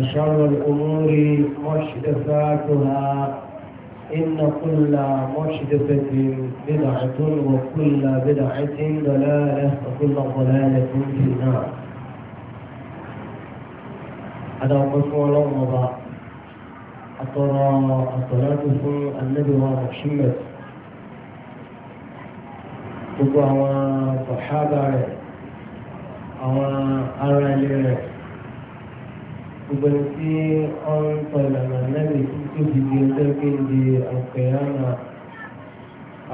وشر الأمور محدثاتها إن كل محدثة بدعة وكل بدعة ضلالة وكل ضلالة في النار هذا قسم الله أترى الصلاة النبي محمد gbogbo àwọn sọ̀hábà rẹ̀ àwọn ará ilé rẹ̀ gbogbo ẹni tí ó ń sọ ìlànà lẹ́bi tó fi di ọjọ́ kéde àkẹyàmà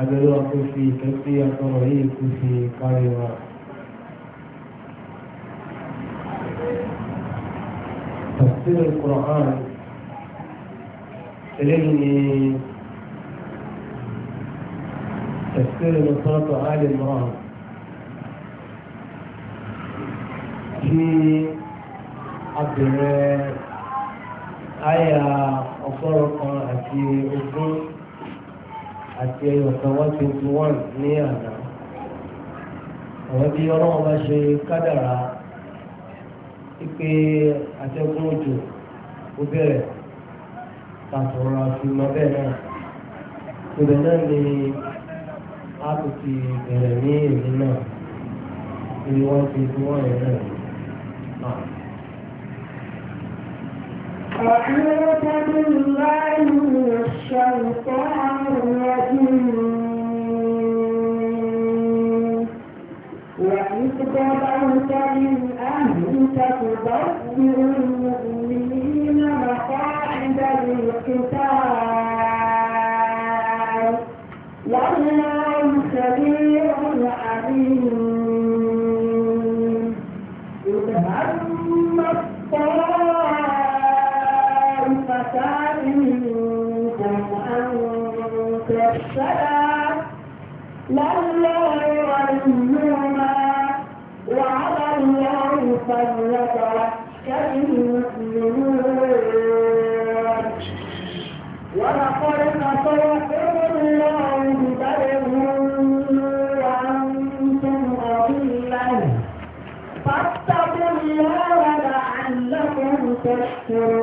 abẹ́rẹ́ wa kó fi ìfẹ́ sí akọ̀rọ̀ yìí kó fi kárí wa. تفسير القرآن إليه تفسير نصرة آل عمران في abẹ̀rẹ̀ àyà ọgọ́rùn kan àti ogún àti ẹyọ̀kan one twenty one ní àná àwọn bí ọlọ́run bá ṣe kádàrá wípé atẹ́gùn òjò ó bẹ̀rẹ̀ tàtọ̀rọ̀ na bẹ́ẹ̀ náà ìbẹ̀ náà ni a kò ti bẹ̀rẹ̀ ní náà أعوذ بالله من الشيطان الرجيم وإذ قضيت من أهلك تدبر المؤمنين مقاعد للقتال يَشْكُرُونَ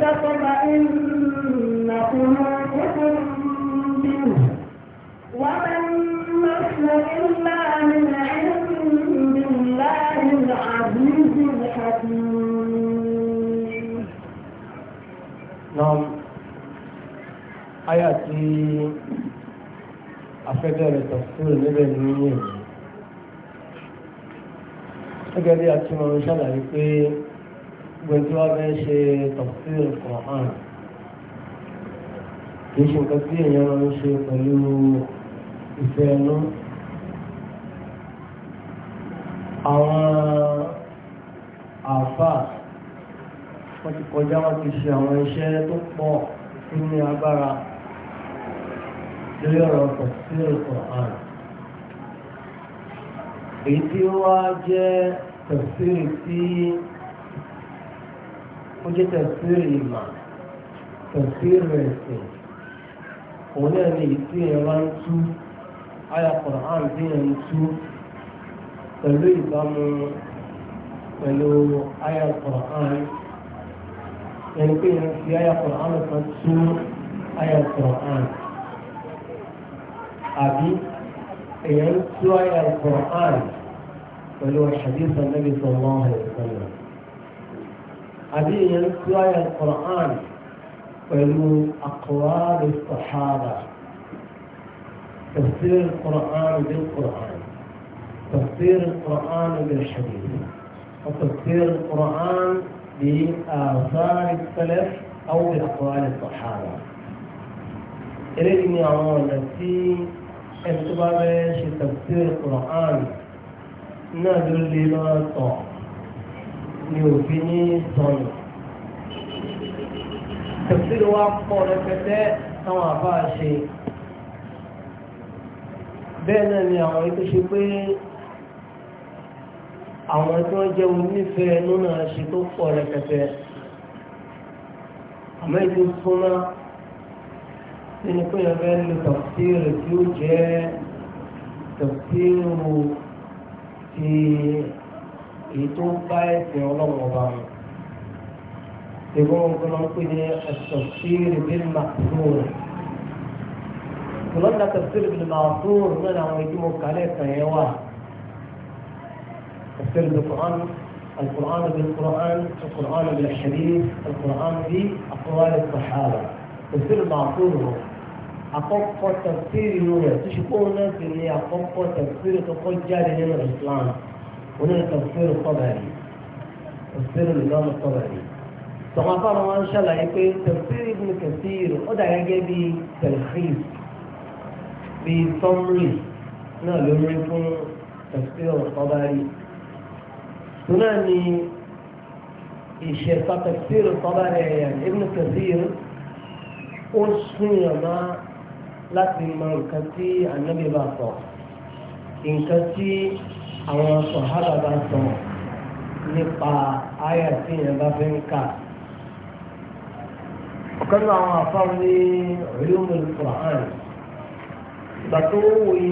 تطمئن قلوبكم به وما النصر إلا من عند الله العزيز الحكيم نعم آياتي afẹ́bẹ̀rẹ̀ tọ̀fúrò níbẹ̀ ní ìyẹn gẹ́gẹ́ bí a ti mọ̀ ń ṣàlàyé pé gbogbo abẹ́ ṣe tafsir Qur'an kìí ṣe nǹkan tí èèyàn máa ń ṣe pẹ̀lú ìfẹ́ ẹnu. àwọn àáfàá wọ́n ti kọjá wọ́n ti ṣe àwọn iṣẹ́ tó pọ̀ tó ní agbára lórí ọ̀rọ̀ tafsir Qur'an. èyí tí ó wá jẹ́ tafsir tí ó jẹ́ tẹ̀síìrì ìmà tẹ̀síìrì ẹ̀sìn òun náà ní èyí tí èèyàn bá ń tú àyà Qur'an tí èèyàn ń tú pẹ̀lú ìbámu pẹ̀lú àyà Qur'an ẹni pé èèyàn fi àyà Qur'an kan tú àyà Qur'an àbí èèyàn ń tú àyà Qur'an pẹ̀lú hadith Nabi sallallahu alaihi wasallam. هذه رواية القرآن ويقول أقوال الصحابة تفسير القرآن بالقرآن تفسير القرآن بالحديث وتفسير القرآن بآثار السلف أو بأقوال الصحابة إليني أمر نفسي أنت تفسير القرآن نادر لي ما طعم ni òfin ní sọnù. tẹ̀sílẹ̀ wa pọ̀ rẹpẹtẹ táwọn àbá ṣe bẹ́ẹ̀ náà ni àwọn ètò ṣe pé àwọn tí wọ́n jẹ́ onífẹ́ ẹnu náà ṣe tó pọ̀ rẹpẹtẹ àmọ́ ètò súnmọ́ nínú pé yẹn fẹ́ lo tafsir tí ó jẹ́ tafsir ti. èyí tó bá ẹsẹ̀ ọlọ́run ọba wọn. Ìgbọ́n ọ̀gbọ́n máa ń pè ní ẹ̀sọ̀ sí ìrìbí màtúrò. Ìgbọ́n náà tẹ̀sí ìrìbí màtúrò náà làwọn èyí tí mo kà lẹ́ẹ̀kan yẹn wà. Tẹ̀sí ìrìbí Kùrán, القرآن بالقرآن، القرآن بالحديث، القرآن بأقوال الصحابة. تفسير المعصوم هو أقوى تفسير نور، تشوفون الناس اللي أقوى تفسير تقول جاري من الإسلام. oní tafsir Tabari tafsir Imam Tabari tọ̀wọ́n afárá wọn ń ṣàlàyé pé tafsir Ibn Kathir ó dà gẹ́gẹ́ bí tẹ̀síìr bí sọ́mùrì náà ló rí fún tafsir Tabari tó náà ni ìṣẹ̀fà tafsir Tabari Ibn Kathir ó sún yàrá láti mọ nǹkan tí ànábìbà sọ nǹkan tí àwọn sọ̀hálà bá sọ nípa àyà tí yẹn bá fi ń kà. ọ̀kan nínú àwọn afáwọn ní ulumul Qur'an ìgbà tó wòye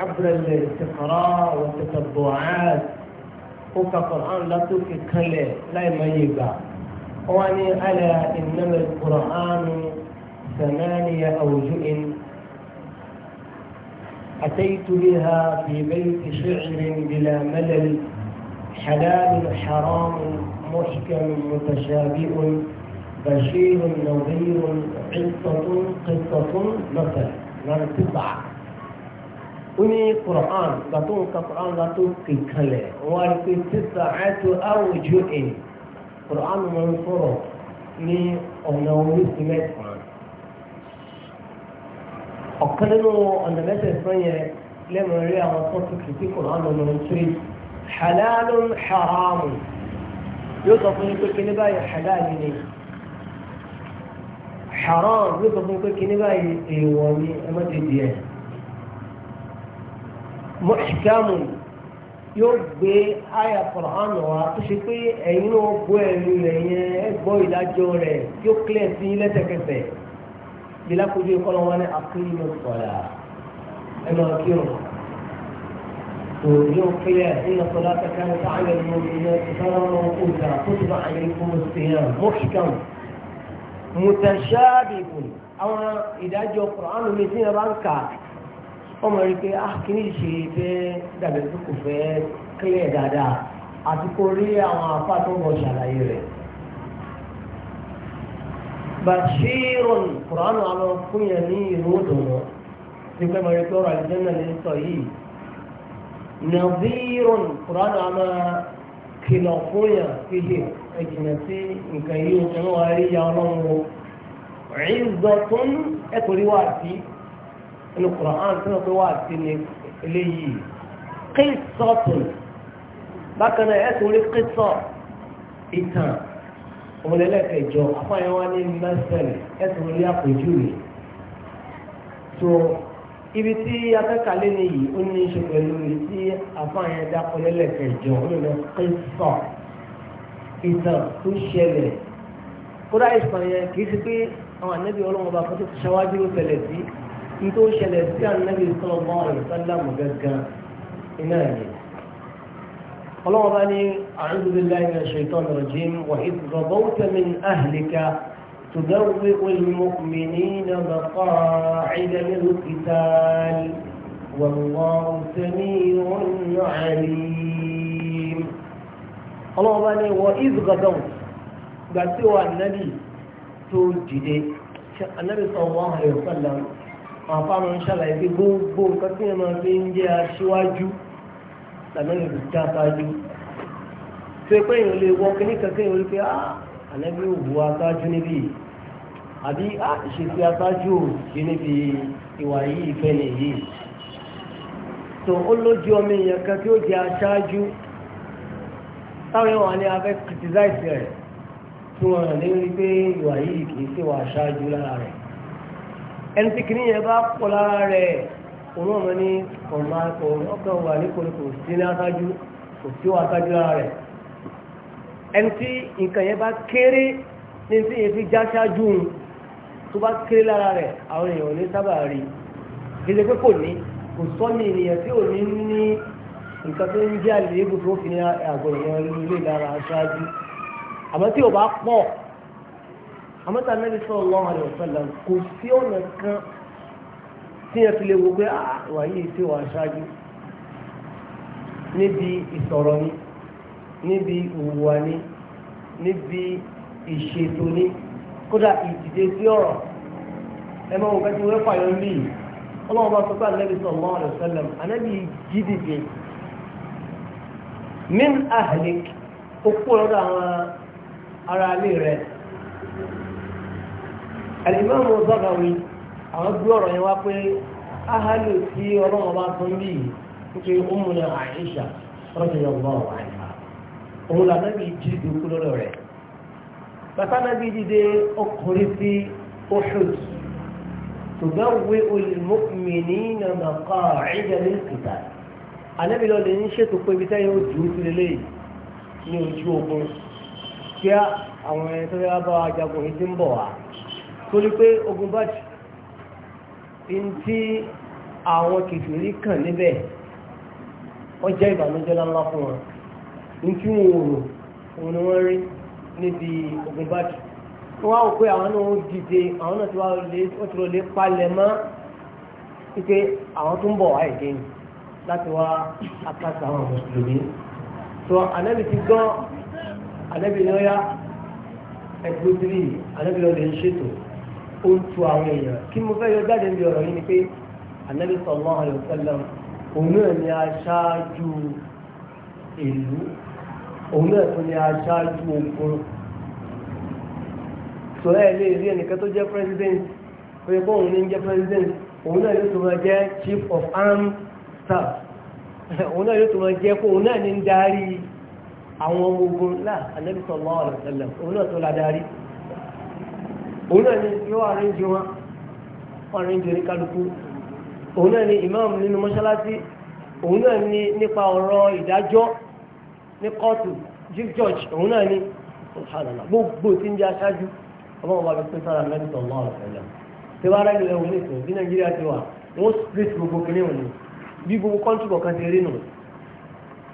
abúlé ìtìkọ́rọ́ àwọn tètèbọ̀ ààrẹ ó ka Qur'an látòkè kalẹ̀ láì má yé gbà. wọ́n ní ala innama al-Qur'anu thamaniya awjuh أتيت بها في بيت شعر بلا ملل حلال حرام محكم متشابه بشير نظير عصة قصة مثل من نعم، تسعة أني قرآن بطون كقرآن لا تبقي وفي تسعة أوجه قرآن منصور ni ọ̀nà orí sí ọ̀kan nínú ọ̀nà mẹ́tẹ̀ẹ̀sán yẹn lẹ́mọ̀ rí àwọn sọ́ọ̀tù kìkì kò náà lọ́nà nítorí halalun haramu yóò sọ fún yín pé kíní báyìí halali ni haram yóò sọ fún yín pé kíní báyìí èèwọ̀ ni ẹ má ti di ẹ̀. muhkamu yóò gbé àyà Kùránì wa tó ṣe pé ẹ̀yin náà gbọ́ ẹ̀rí rẹ̀ yẹn ẹ gbọ́ ìdájọ́ rẹ̀ yóò kílẹ̀ sí lẹ́sẹ̀kẹsẹ̀ bí lákòójú ẹ̀kọ́ lọ́wọ́ ní akéwìmọ̀ sọ̀rọ̀ ẹ̀nà kírun ويوم قيام إن صلاة كانت على المؤمنات فرما موقوتا كتب عليكم الصيام محكم متشابه أو إذا جاء القرآن مثل رانكا ọmọ rí pé a ah, kì í ṣe fẹ́ dàbẹ̀ tó kò fẹ́ kílẹ̀ dáadáa àti kò rí àwọn afá tó ń bọ̀ ṣàlàyé rẹ̀. بشير قرآن على كوني نودون كما ما يقول على الجنة للصحيح نظير قرآن على كلافويا فيه أجنسي مكيل كما هاري يعلمه عزة أكو رواتي أن القرآن كما رواتي لي قصة بكنا أكو لقصة إتان ọmọlẹ́lẹ́kẹjọ afáyẹn wá ní mẹ́sẹ̀lẹ̀ ẹ̀sùn orí àpèjúwe tó ibi tí akẹ́kọ̀ọ́ ní yìí ó ní í ṣe pẹ̀lú ibi tí afáyẹn dákọ̀ lẹ́lẹ́kẹjọ nínú kíńsọ̀ ìtàn tó ṣẹlẹ̀ kódà ìsàn yẹn kì í ṣe pé àwọn ànábì ọlọ́mọba kan tó ti ṣáwájú ló ṣẹlẹ̀ sí ní tó ṣẹlẹ̀ sí ànábì sọ̀rọ̀ mọ́ ọ̀rẹ́ اللهم أني أعوذ بالله من الشيطان الرجيم وإذ غضوت من أهلك تذوق المؤمنين مقاعد للقتال والله سميع عليم اللهم أني وإذ غضوت قالتوا النبي توجد النبي صلى الله عليه وسلم أعطانا إن شاء الله يقول بوم كثيرا في إنجاز شواجه lànàbí fi já sáájú tó pé èèyàn lè wọ kíní kankan yìí wípé ah ànábì ò bu aṣáájú níbí àbí ah ìṣètò aṣáájú ò ṣe níbi ìwà yìí ìfẹ́ nìyí tó ó lójú ọmọ èèyàn kan tí ó jẹ aṣáájú táwọn èèyàn wà ní abẹ́ criticize rẹ̀ tí wọ́n rẹ̀ lérí pé ìwà yìí kì í ṣe wà aṣáájú lára rẹ̀ ẹni tí kìíní bá pọ̀ lára rẹ̀ òun ọmọ ní ọkàn wà ní koríko sí ní aṣáájú kò sí wọn aṣáájú lára rẹ̀ ẹni tí nǹkan yẹn bá kéré ní tí yẹn fi já aṣáájú òun tó bá kéré lára rẹ̀ àwọn èèyàn ò ní sábà rí i kí pé kò ní kò sọ́ni ènìyàn tí ò ní ní nǹkan tó ń jẹ́ àléébù tó fi ní àgọ́ ìyẹn ilé lára aṣáájú àmọ́ tí ò bá pọ̀ àmọ́ tí a mẹ́rin sọ̀rọ̀ lọ́wọ́ àlẹ́ òṣèlú kò sí ọ̀nà kan tí ẹ fi lè wo pé àwà ah, yìí tí wà ṣáájú níbi ìsọ̀rọ̀ ni níbi ìwà ni níbi ìṣètò ni kódà ìdìde sí ọ̀rọ̀ ẹ máa wọ pé tí wọ́n fàyọ ń bí yìí ọlọ́run bá sọ pé ànábì sallallahu alaihi wasallam ànábì jídìde min ahlik okú lọ́dọ̀ àwọn ará ilé rẹ̀ al-Imam Bagawi. àwọn gbé ọ̀rọ̀ yẹn wá pé áhàlù tí ọlọ́run bá tún bí pé ó mú ní àìṣà rọ́jò yọ wọ́n wà ní òun là nábì jíde kú lọ́dọ̀ rẹ̀ bàtà nábì jíde ọkùnrin sí Uhud tubawwi'u lil na maqa'ida lil-qitāl ànábì lọ lè ní ṣètò pé ibi táyà ó dùn lélẹ̀ ní ojú ogun kí àwọn ẹni tó yá bá ajagun yìí ti ń bọ̀ wá torí pé ogun bá in tí àwọn kìfìrí kàn níbẹ̀ wọ́n jẹ́ ìbànújẹ́ ńlá fún wọn ní kí wọ́n rò òun ni wọ́n rí níbi ogun bàtì wọ́n á wò pé àwọn náà ń dìde àwọn náà ti wá lọ lè palẹ̀ mọ́ wípé àwọn tó ń bọ̀ wáyé dé ni láti wá apáta àwọn mùsùlùmí tó ànábì ti gbọ́ ànábì lọ́yà ẹgbẹ́ tìrì ànábì lọ́ọ́ lè ń ṣètò ó ń tu àwọn èèyàn kí mo fẹ́ yọ jáde níbi ọ̀rọ̀ yìí ni pé anabi sallallahu alayhi wa sallam òun náà ni aṣáájú ìlú òun náà tún ni aṣáájú ogun sọ̀rọ̀ ẹ̀ lè rí ẹnìkan tó jẹ́ president pé kó òun ní jẹ́ president òun náà yóò tún máa jẹ́ chief of armed staff òun náà yóò tún máa jẹ́ kó òun náà ní ń darí àwọn ogun náà anabi sallallahu alayhi òun náà tó la darí òun náà ni yóò àríjì wọn àríjì oníkálukú òun náà ni imam nínú mọ́ṣáláṣí òun náà ni nípa ọ̀rọ̀ ìdájọ́ ní kóòtù chief judge òun náà ni subhanallah gbogbo tí ń jẹ́ aṣáájú ọmọ ọba bíi pẹ́sà rà mẹ́tọ̀ ọmọ ọ̀rọ̀ fẹ́lẹ̀ tí wàá rẹ̀ lẹ́wọ̀n ní ìsìn bí nàìjíríà ti wà wọ́n split gbogbo kìnìún òní bí gbogbo kọ́ńtù kọ̀ọ̀kan ti rí nù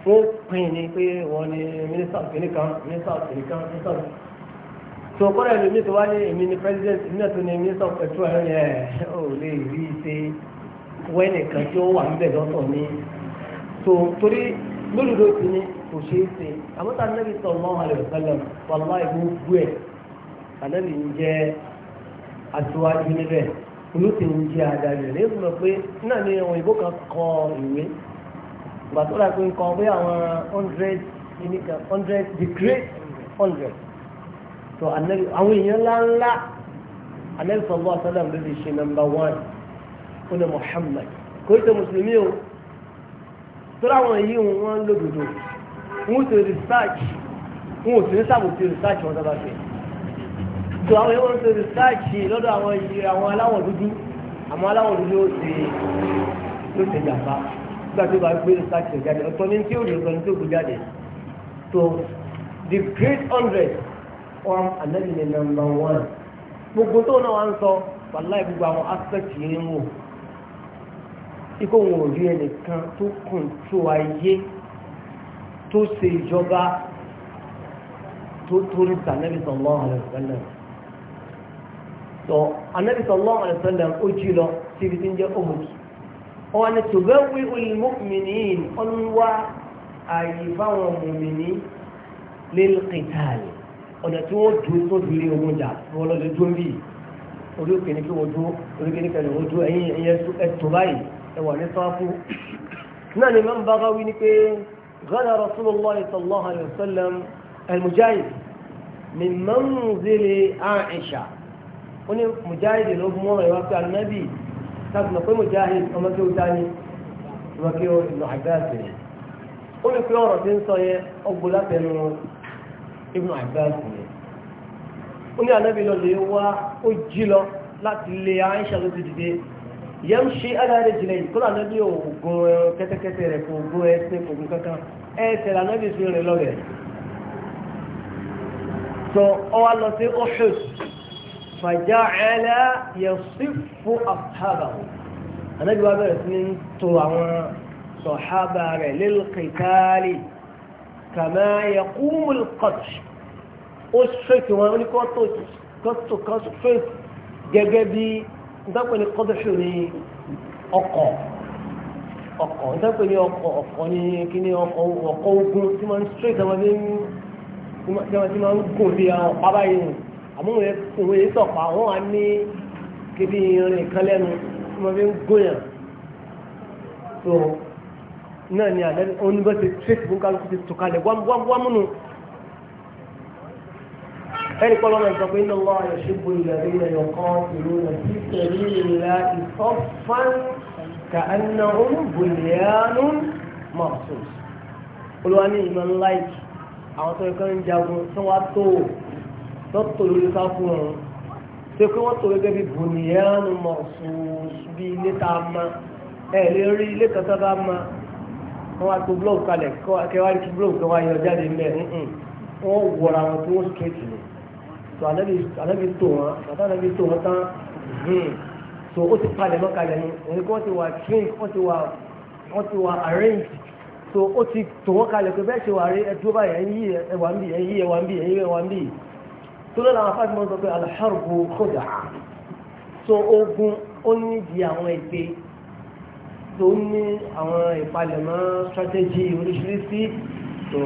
wọ́n pín ní pé wọ́n ni tó kọ́ra ẹ̀lú mi tó wá ní èmi ni president èmi náà tó ní minister of petrol ẹ̀rọ yẹn ò lè rí i ṣe wẹ́nìkan tí ó wà níbẹ̀ lọ́tọ̀ ni tó torí lódodo ti ní kò ṣeé ṣe àmọ́tà nẹ́bí sallallahu alaihi wasallam wallahi gbogbo ẹ̀ ànẹ́bí ń jẹ́ aṣíwájú níbẹ̀ olóṣè ń jẹ́ adarí rẹ̀ lẹ́yìn fúnra pé náà ni àwọn ìbò kan kọ ìwé ìgbà tó rà pé nǹkan pé àwọn hundred hundred degree hundred tó anabi àwọn èèyàn ńláńlá anabi sallallahu alaihi wasallam ló lè ṣe nọ́mbà wán ó ní muhammad kò í ṣe mùsùlùmí o tó láwọn èyí wọn ń lòdòdò wọn ò ṣe research wọn ò sì ní sàbòsí research wọn dábàá ṣe tó àwọn èèyàn ń ṣe research lọ́dọ̀ àwọn yìí àwọn aláwọ̀ dúdú àmọ́ aláwọ̀ dúdú ó ṣe ló ṣe jàmbá nígbà tó bá gbé research rẹ̀ jáde ọ̀tọ̀ ní tí ó lè ọ̀tọ̀ ní tí ó gbé jáde tó the great hundred platform anabi ni number one gbogbo tó náà wà ń sọ wàláì gbogbo àwọn aspect yìí ń wò ikú wọn ò rí ẹnìkan tó kọ̀ǹtò ayé tó ṣe ìjọba tó torí sànẹ́bí sallallahu alaihi wasallam tó anẹ́bí sallallahu ó jí lọ síbi tí ń jẹ́ Uhud ọ̀wọ́n ni tó bẹ́ẹ̀ wí al-mu'minin ọ̀nwá fáwọn mùmìnì lil qital ọ̀nà tí wọ́n dúró tó dúró ní ogun jà wọ́n lọ lè dúró bíi orí òkè ní kí wọ́n dúró orí òkè ní kẹlẹ̀ wọ́n dúró ẹ̀yìn ẹ̀yẹ ẹ̀tọ́ báyìí ẹ̀wà ní sáfù. náà ni mẹ́rin bára wí ni pé ghana rasulullah sallallahu alayhi wa sallam al-mujahid ni manzili aisha ó ní mujahid ló mú ọ̀rọ̀ ìwà pé anabi sáfù náà pé mujahid ọmọ kí o dání ọmọ kí o ìlú àgbà ibùn àgbáàsì yẹn ó ní anábì lọ lè wá ó jí lọ láti lè àìṣà ló ti dìde ìyá ń ṣe aláàrẹ jìnnà yìí kó lànà bí oògùn kẹ́tẹ́kẹ́tẹ́ rẹ̀ kò oògùn ẹsẹ̀ kò oògùn kankan ẹsẹ̀ lànà bí fi rìn lọ́rẹ̀ sọ ọwọ́ lọ sí Uhud fàjà ẹ̀lẹ́ yẹ sí fún àfàbà anábì wa bẹ̀rẹ̀ sí ní to àwọn sọ̀hábà rẹ̀ lil qitali kàmá yaqumul qatl ó ṣèkì wọn ní kọ́tò kọ́tò kọ́tò fèsì gẹ́gẹ́ bí ìdápẹ́ ní kọ́tòṣù ní ọkọ̀ ọkọ̀ ìdápẹ́ ní ọkọ̀ ọkọ̀ ní kíní ọkọ̀ ogun tí wọ́n ń ṣèkì wọn ní tí wọ́n ń gùn bí àwọn ọ̀pá báyìí àmọ́ òun yẹn sọ̀pá wọn wà ní kébí irin kan lẹ́nu tí wọ́n fi ń gòyàn so náà ni àlẹ́ oníbẹ̀sẹ̀ tírèkì fún kálukú ti tòkalẹ̀ wámúnú ẹni kọ́ lọ́nà ìjọba iná lọ́ àyọ̀ṣẹ́gbó ilẹ̀ ilẹ̀ yọ̀kan ìlú rẹ̀ sí tẹ̀lé ìlà ìfọ́fán ka ẹnà òun bùnìyànú mọ̀tún. olúwa ní ìmọ̀ láìkì àwọn tó ẹ̀kọ́ ń jagun tí wọ́n tó lọ́tò lórí ká fún wọn ṣé pé wọ́n tó gẹ́gẹ́ bí bùnìyànú mọ̀tún bí ilé tá a mọ ẹ̀ lè rí ilé kan tó bá mọ wọ́n wá tó blọ́ọ̀kì kalẹ̀ kẹwàá rí kí blọ́ọ̀kì kan wá yọ jáde mẹ́rin wọ́n wọ̀ra wọn tí wọ́n sì kéèkì ni tó anábì tó wọn bàtà anábì tó hmm. ó ti palẹ̀ mọ́ ni òun kí wọ́n ti wà trained wọ́n ti wà wọ́n ti ó ti tò wọ́n kalẹ̀ pé bẹ́ẹ̀ ṣe wà rí ẹdúró báyìí ẹ̀wà ń bì ẹ̀yìn ẹ̀wà ń bì ẹ̀yìn ẹ̀wà ń bì tó lọ́la àwọn afáàfin mọ́ sọ pé alḥarbu kódà so ogun ó ní di àwọn ète tó ní àwọn ìpalẹ̀mọ́ strategy oríṣiríṣi tó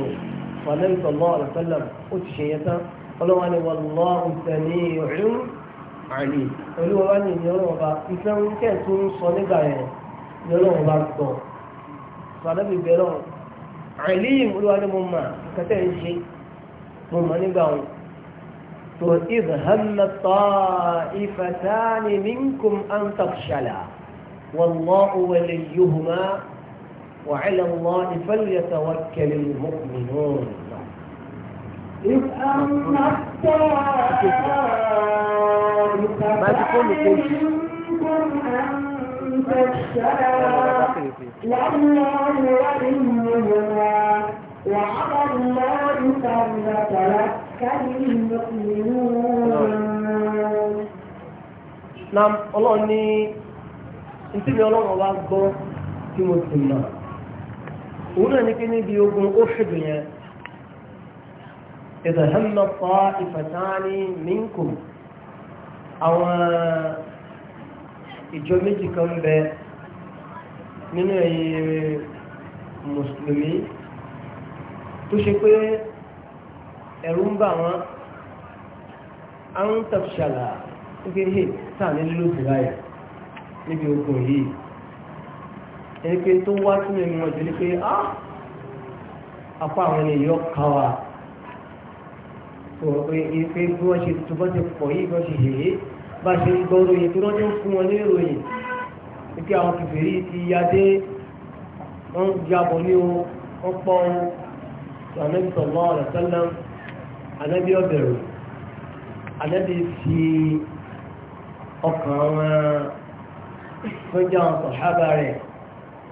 wà lẹ́yìn tó lọ́ àlùfẹ́lẹ̀ ó ti ṣe yẹn tán ọlọ́wọ́ ni wallahu sami'un alim olúwa wá ní ìyọ́rọ̀ ọba ìfẹ́ ń kẹ́ tó ń sọ nígbà yẹn ìyọ́rọ̀ ọba gbọ̀ sọ̀rọ̀bì bẹ̀rọ̀ alim olúwa ni mo mà kẹtẹ́ ń ṣe mo mà nígbà wọn tó idhamma ta'ifatani minkum an tafshala wallahu waliyuhuma wa ala Allahi falyatawakkalil mu'minun. إذ أما الطائفة منكم أن تفشلا والله وليهما وعلى الله فليتوكل المؤمنون nam ọlọ́run ní ìsinmi ọlọ́run wa gbọ́ tí mo sì mọ̀ òun náà ní kí níbi ogun ó ṣèdùn yẹn إذا هم الطائفتان منكم àwọn ìjọ méjì kan bẹ nínú ẹ̀yin mùsùlùmí tó ṣe pé ẹ̀rù ń bà wọ́n a ń tàbṣàlà wípé hì tàà ní lílò ìráyà níbi ogun yìí ẹni pé tó wá sínú ẹ̀mí wọn jẹ́ ní pé á apá àwọn ènìyàn kàwàá wọ́n pé pé bí wọ́n ṣe tó bọ́ ti pọ̀ yìí bọ́ ṣe yèé bá ṣe ń gbọ́rọ̀ yìí tó wọ́n ti ń fún wọn ní ìròyìn wípé àwọn kìfèrí ti ya dé wọ́n jabọ̀ ní o wọ́n pọ̀ o ànábi sọ̀lọ́ ọ̀rẹ́ sẹ́lẹ̀ ànábi ọ̀bẹ̀rù ànábi fi ọkàn wọn fẹ́jà wọn sọ̀hábà rẹ̀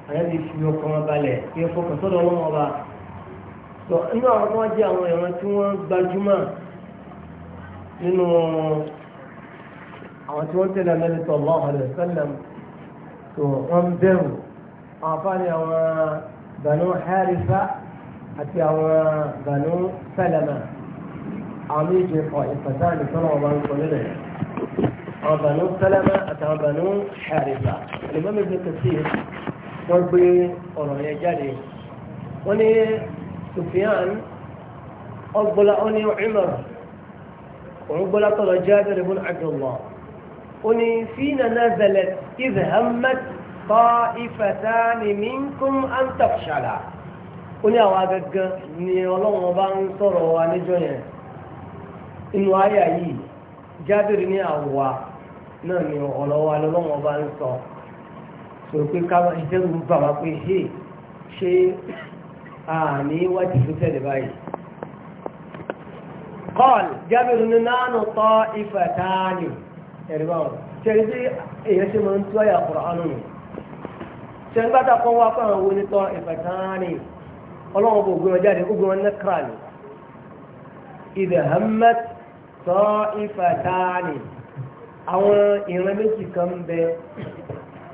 ànábi fi ọkàn wọn balẹ̀ kí ẹ fọkàn sọ́dọ̀ wọn ọba. inú àwọn ọmọ jẹ́ àwọn ẹ̀rọ tí wọ́n gbajúmọ̀ nínú àwọn tí wọ́n tẹ̀lé Ànábì sallallahu alaihi wasallam tó wọ́n bẹ̀rù àwọn afáàní àwọn Banu Haritha àti àwọn Banu Salama àwọn méje kọ ìfàtà nìkan ọba ń sọ nílẹ̀ àwọn Banu Salama àti àwọn Banu Haritha ìmọ̀ mi fi kẹsí wọ́n gbé ọ̀rọ̀ yẹn jáde wọ́n ní Sufyan ọgbọ́lá ó ní Umar òun gbọ́ látọ̀lọ́ Jabir ibn Abdullah ó ní fínà nazalat idh hammat ta'ifatani minkum an tafshala ó ní àwọn agẹgẹ ni ọlọ́run bá ń sọ̀rọ̀ wa níjọ́ yẹn inú àyà yìí Jabir ní àwa náà ni ọ̀lọ́wà lọ́wọ́ bá ń sọ tó pé káwọn ìjẹ́rù ń pé ṣé àní wájú tó tẹ̀lé báyìí قال جابر نان طائفتان اربعون شريتي ايش من تو يا قران شن بدا كون وا كان هو ني طائفتان Ọlọ́run bò gbọ́n jáde ó gbọ́n nẹ́kra ni إذا همت طائفتان àwọn ìran méjì kan ń bẹ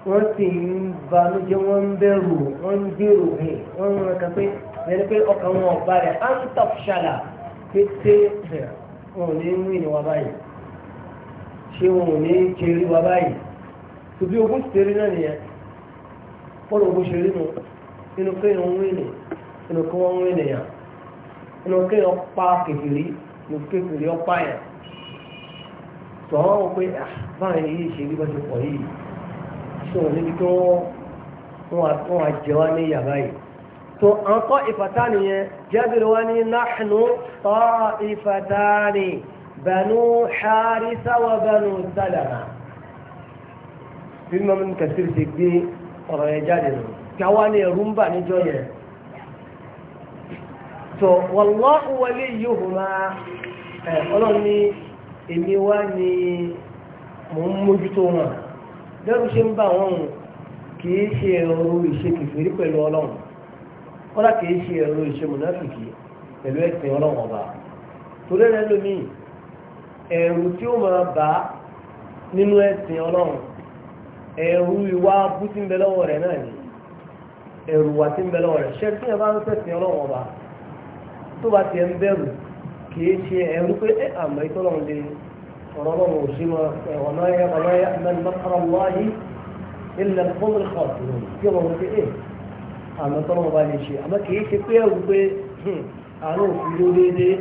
wọ́n sì ń banújẹ́ wọ́n ń bẹ̀rù wọ́n ń dèrò rẹ̀ wọ́n ń rẹ̀ kan pé ẹni pé ọkàn wọn ọ̀bá rẹ̀ á ń tọ̀ṣàlà kété wọn ò ní mú ìníwá báyìí ṣé wọn ò ní kiri wá báyìí tòbí ogún ti tẹ̀lé náà nìyẹn bọ́ọ̀lù ogún ṣe rí nu inú kéèyàn ń wí inú kí wọ́n ń wí nìyẹn inú kéèyàn pa kékeré inú kékeré ọ̀pá yẹn tọ́wọ́n wọ́n pé ah, báyìí yìí ṣe rí bá pọ̀ yìí ṣé wọn níbi tí wọ́n wọ́n àjẹwá ní yàrá yìí tó àwọn tọ́ ìfàtà nìyẹn jábìrì wọn ní náhùnú tọ́ ìfàtà ni bẹ̀nu Harisa wa bẹ̀nu Salama bí mọ́mí kẹsìrì ti gbé ọ̀rọ̀ yẹn jáde nù káwá ní ẹ̀rú ń bà níjọ́ yẹn tó wallahu waliyuhuma ọlọ́run ní èmi wá ní mò ń mójútó wọn lẹ́rù ṣe ń bà wọ́n kì í ṣe ẹ̀rọ ìṣe kìfèrí pẹ̀lú ọlọ́run kọ́lá kìí ṣe ẹ̀rọ ìṣe mùnáfìkì pẹ̀lú ẹ̀sìn ọlọ́run ọba torí rẹ̀ lómi ẹ̀rù tí ó máa bá nínú ẹ̀sìn ọlọ́run ẹ̀rù ìwà abú tí ń bẹ lọ́wọ́ rẹ̀ náà ni ẹ̀rù wà tí ń bẹ lọ́wọ́ rẹ̀ ṣe tí ẹ bá ń fẹ̀sìn ọlọ́run ọba tó bá tiẹ̀ ń bẹ̀rù kìí ṣe ẹ̀rù pé ẹ̀ àmọ́ ìtọ́lọ́run lè ọ̀rọ̀ ọlọ́run ò àmọ́ tọ́lọ́wọ́ bá lè ṣe àmọ́ kì í ṣe pé ẹ̀rù pé hmm, àánú òfin ló déédéé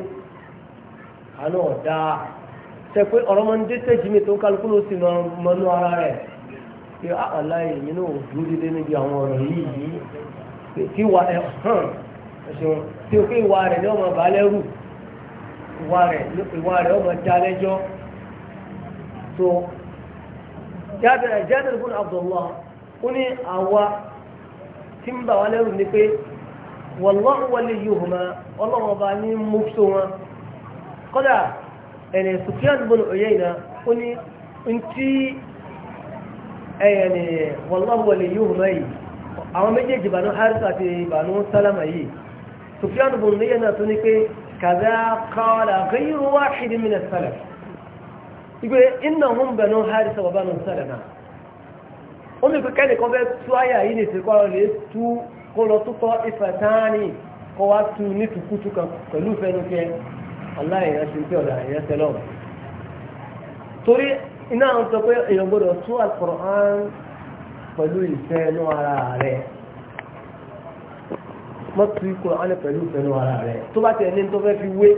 àánú ọ̀dá tẹ pé ọ̀rọ̀ máa ń dé tẹ̀jì mi tó ń kálukú ló sì mọnú ara rẹ̀ pé àlá ah, èmi náà ò dúró déédéé níbi àwọn ọ̀rọ̀ yìí tí wà ẹ̀ hàn ẹ̀ṣẹ̀ tí o pé ìwà rẹ̀ ni ọmọ bàálẹ̀ rù ìwà rẹ̀ ìwà rẹ̀ ọmọ dá lẹ́jọ́ tó jáde jáde bùn Abdullah ó ní àwa tí ń bà wá lẹ́rù ni pé wallahu waliyuhuma ọlọ́run ọba ní mufti wọn kọ́dà ẹ̀nì Sufyan bin Uyayna ó ní ntí ẹ̀yẹ̀nì wallahu waliyuhuma yìí àwọn méjèèjì bànú Harith àti bànú Salama yìí Sufyan bin Uyayna tó ní pé kàdá qala ghayru wahidin min as-salaf ìgbé innahum banu Harith wa banu Salama ó ní pẹ́kẹ́ nìkan fẹ́ tú àyà yìí nìsí kọ́ lọ lè tú kó lọ tó tọ́ ìfẹ̀tánì kọ́ wá tú ní tukutu kan pẹ̀lú ìfẹ́nufẹ́ aláìyànṣe tí ọ̀dà àyànṣe lọ. torí iná ń sọ pé èèyàn gbọ́dọ̀ tú Al-Qur'an pẹ̀lú ìfẹ́ inú ara rẹ̀ mọ́ tú Al-Qur'an pẹ̀lú ìfẹ́ inú ara rẹ̀ tó bá tiẹ̀ ní tó fẹ́ fi wé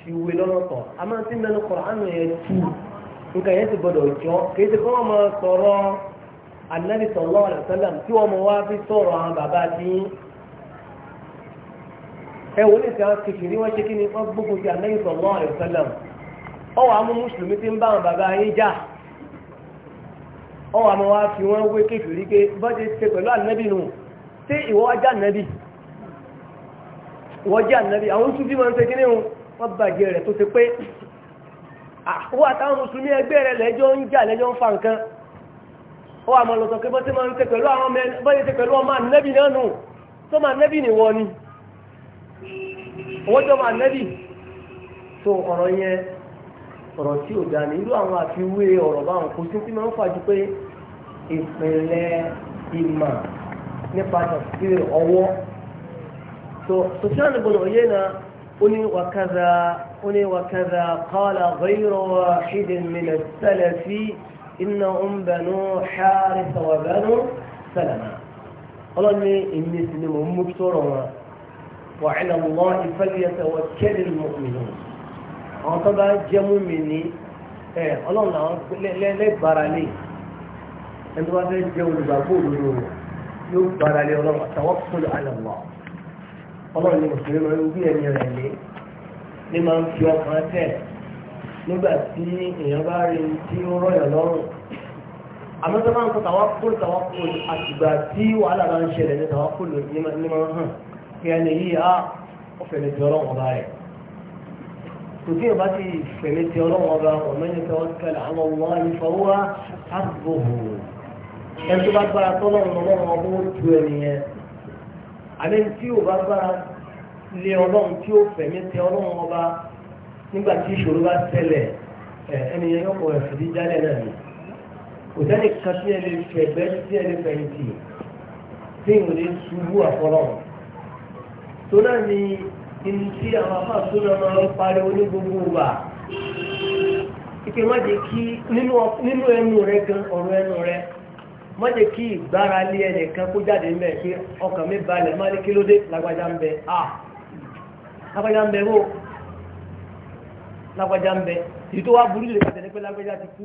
fi wé lọ́nà tọ̀ àmọ́ tí mẹ́nu Al-Qur'an yẹn tú nǹkan yẹn ti gbọ́dọ̀ jọ kì í ti kọ́ máa anabi sallallahu alaihi wasallam tí wọ́n mọ wá fi sọ̀rọ̀ àwọn bàbá tí ẹ wò ní ìsìn àwọn kékeré wọ́n ṣe kí ni wọ́n gbógun ti anabi sallallahu alaihi wasallam ọwọ́ àwọn mùsùlùmí ti ń bá àwọn bàbá yín jà ọwọ́ àwọn wá fi wọ́n wé kékeré pé bọ́dé ṣe pẹ̀lú anabi nù tí ìwọ ajá anabi ìwọ ajá anabi àwọn tún bí wọn ṣe kí ni wọn bàjẹ́ rẹ̀ tó ti pé àwọn àtàwọn mùsùlùmí ẹgbẹ́ rẹ̀ lẹ́jọ́ ń jà lẹ́jọ́ ń fa nǹkan ó wà mọ́ lọ́sọ̀ pé bọ́ tí máa ń tẹ pẹ̀lú àwọn ọmọ ẹni bọ́yẹ̀ tẹ pẹ̀lú ọmọ ànẹ́bì náà nù tó máa nẹ́bì ni wọ́n ni owó tó máa nẹ́bì tó ọ̀rọ̀ yẹn ọ̀rọ̀ tí ò dá ní irú àwọn àfiwé ọ̀rọ̀ báwọn kò sí tí máa ń fà pé ìpìlẹ̀ ìmà nípa tafsir ọwọ́ tó sọ́síọ́nù gbọ́dọ̀ yé na ó ní wàkàdà ó ní wàkàdà qala ghayru salafi إنهم بنو حارث وبنو سلمة قال لي إني سلم أمك ترى وعلى الله فليتوكل المؤمنون أعطبا جمو مني إيه الله لا لا لا برالي أنت ما في جو البابول يوم لي الله توكل على الله الله اللي مسلم عيوبي أن يرالي لما أنت يوم nígbà tí èèyàn bá rí tí ó rọ̀yàn lọ́rùn àmọ́ tó máa ń kọ́ tàwákùlù tàwákùlù àtìgbà tí wàhálà bá ń ṣẹlẹ̀ ní tàwákùlù ní máa hàn kí ẹni yìí á ah, ọ̀fẹ̀lẹ̀ tí ọlọ́run ọba rẹ̀ kò tí ìbá ti fẹ̀lẹ̀ tí ọlọ́run ọba ọ̀mẹ́ni tawakkal ala Allah fa huwa hasbuhu ẹni tó bá gbára tọ́lọ́run ọlọ́run ọba ó tu ẹnìyẹn àbẹ́ni tí ò bá gbára lé ọlọ́run tí ó fẹ̀mí tí ọlọ́run ọba nígbà tí ìṣòro bá tẹ̀lẹ̀ ẹni yẹn yọkọ̀ ẹ̀fẹ̀ tí jálẹ̀ náà ni kò sẹ́ni kan tí ẹ lè fẹ̀gbẹ́ tí ẹ lè fẹ̀yìntì tí ò lè ṣubú àfọlọ́ tó náà ni inú tí àwọn afá tó náà máa ń pariwo ní gbogbo wa ike má jẹ́ kí nínú ẹnu rẹ gan ọ̀rọ̀ ẹnu rẹ má jẹ́ kí ìgbára lé ẹnìkan kó jáde ń bẹ̀ pé ọkàn mi balẹ̀ má ní kí ló dé lágbájá ń bẹ ah lágbájá ń bẹ wò lágbájá ń bẹ èyí tó wá burú lè pàtẹ́ ní pé lágbájá ti kú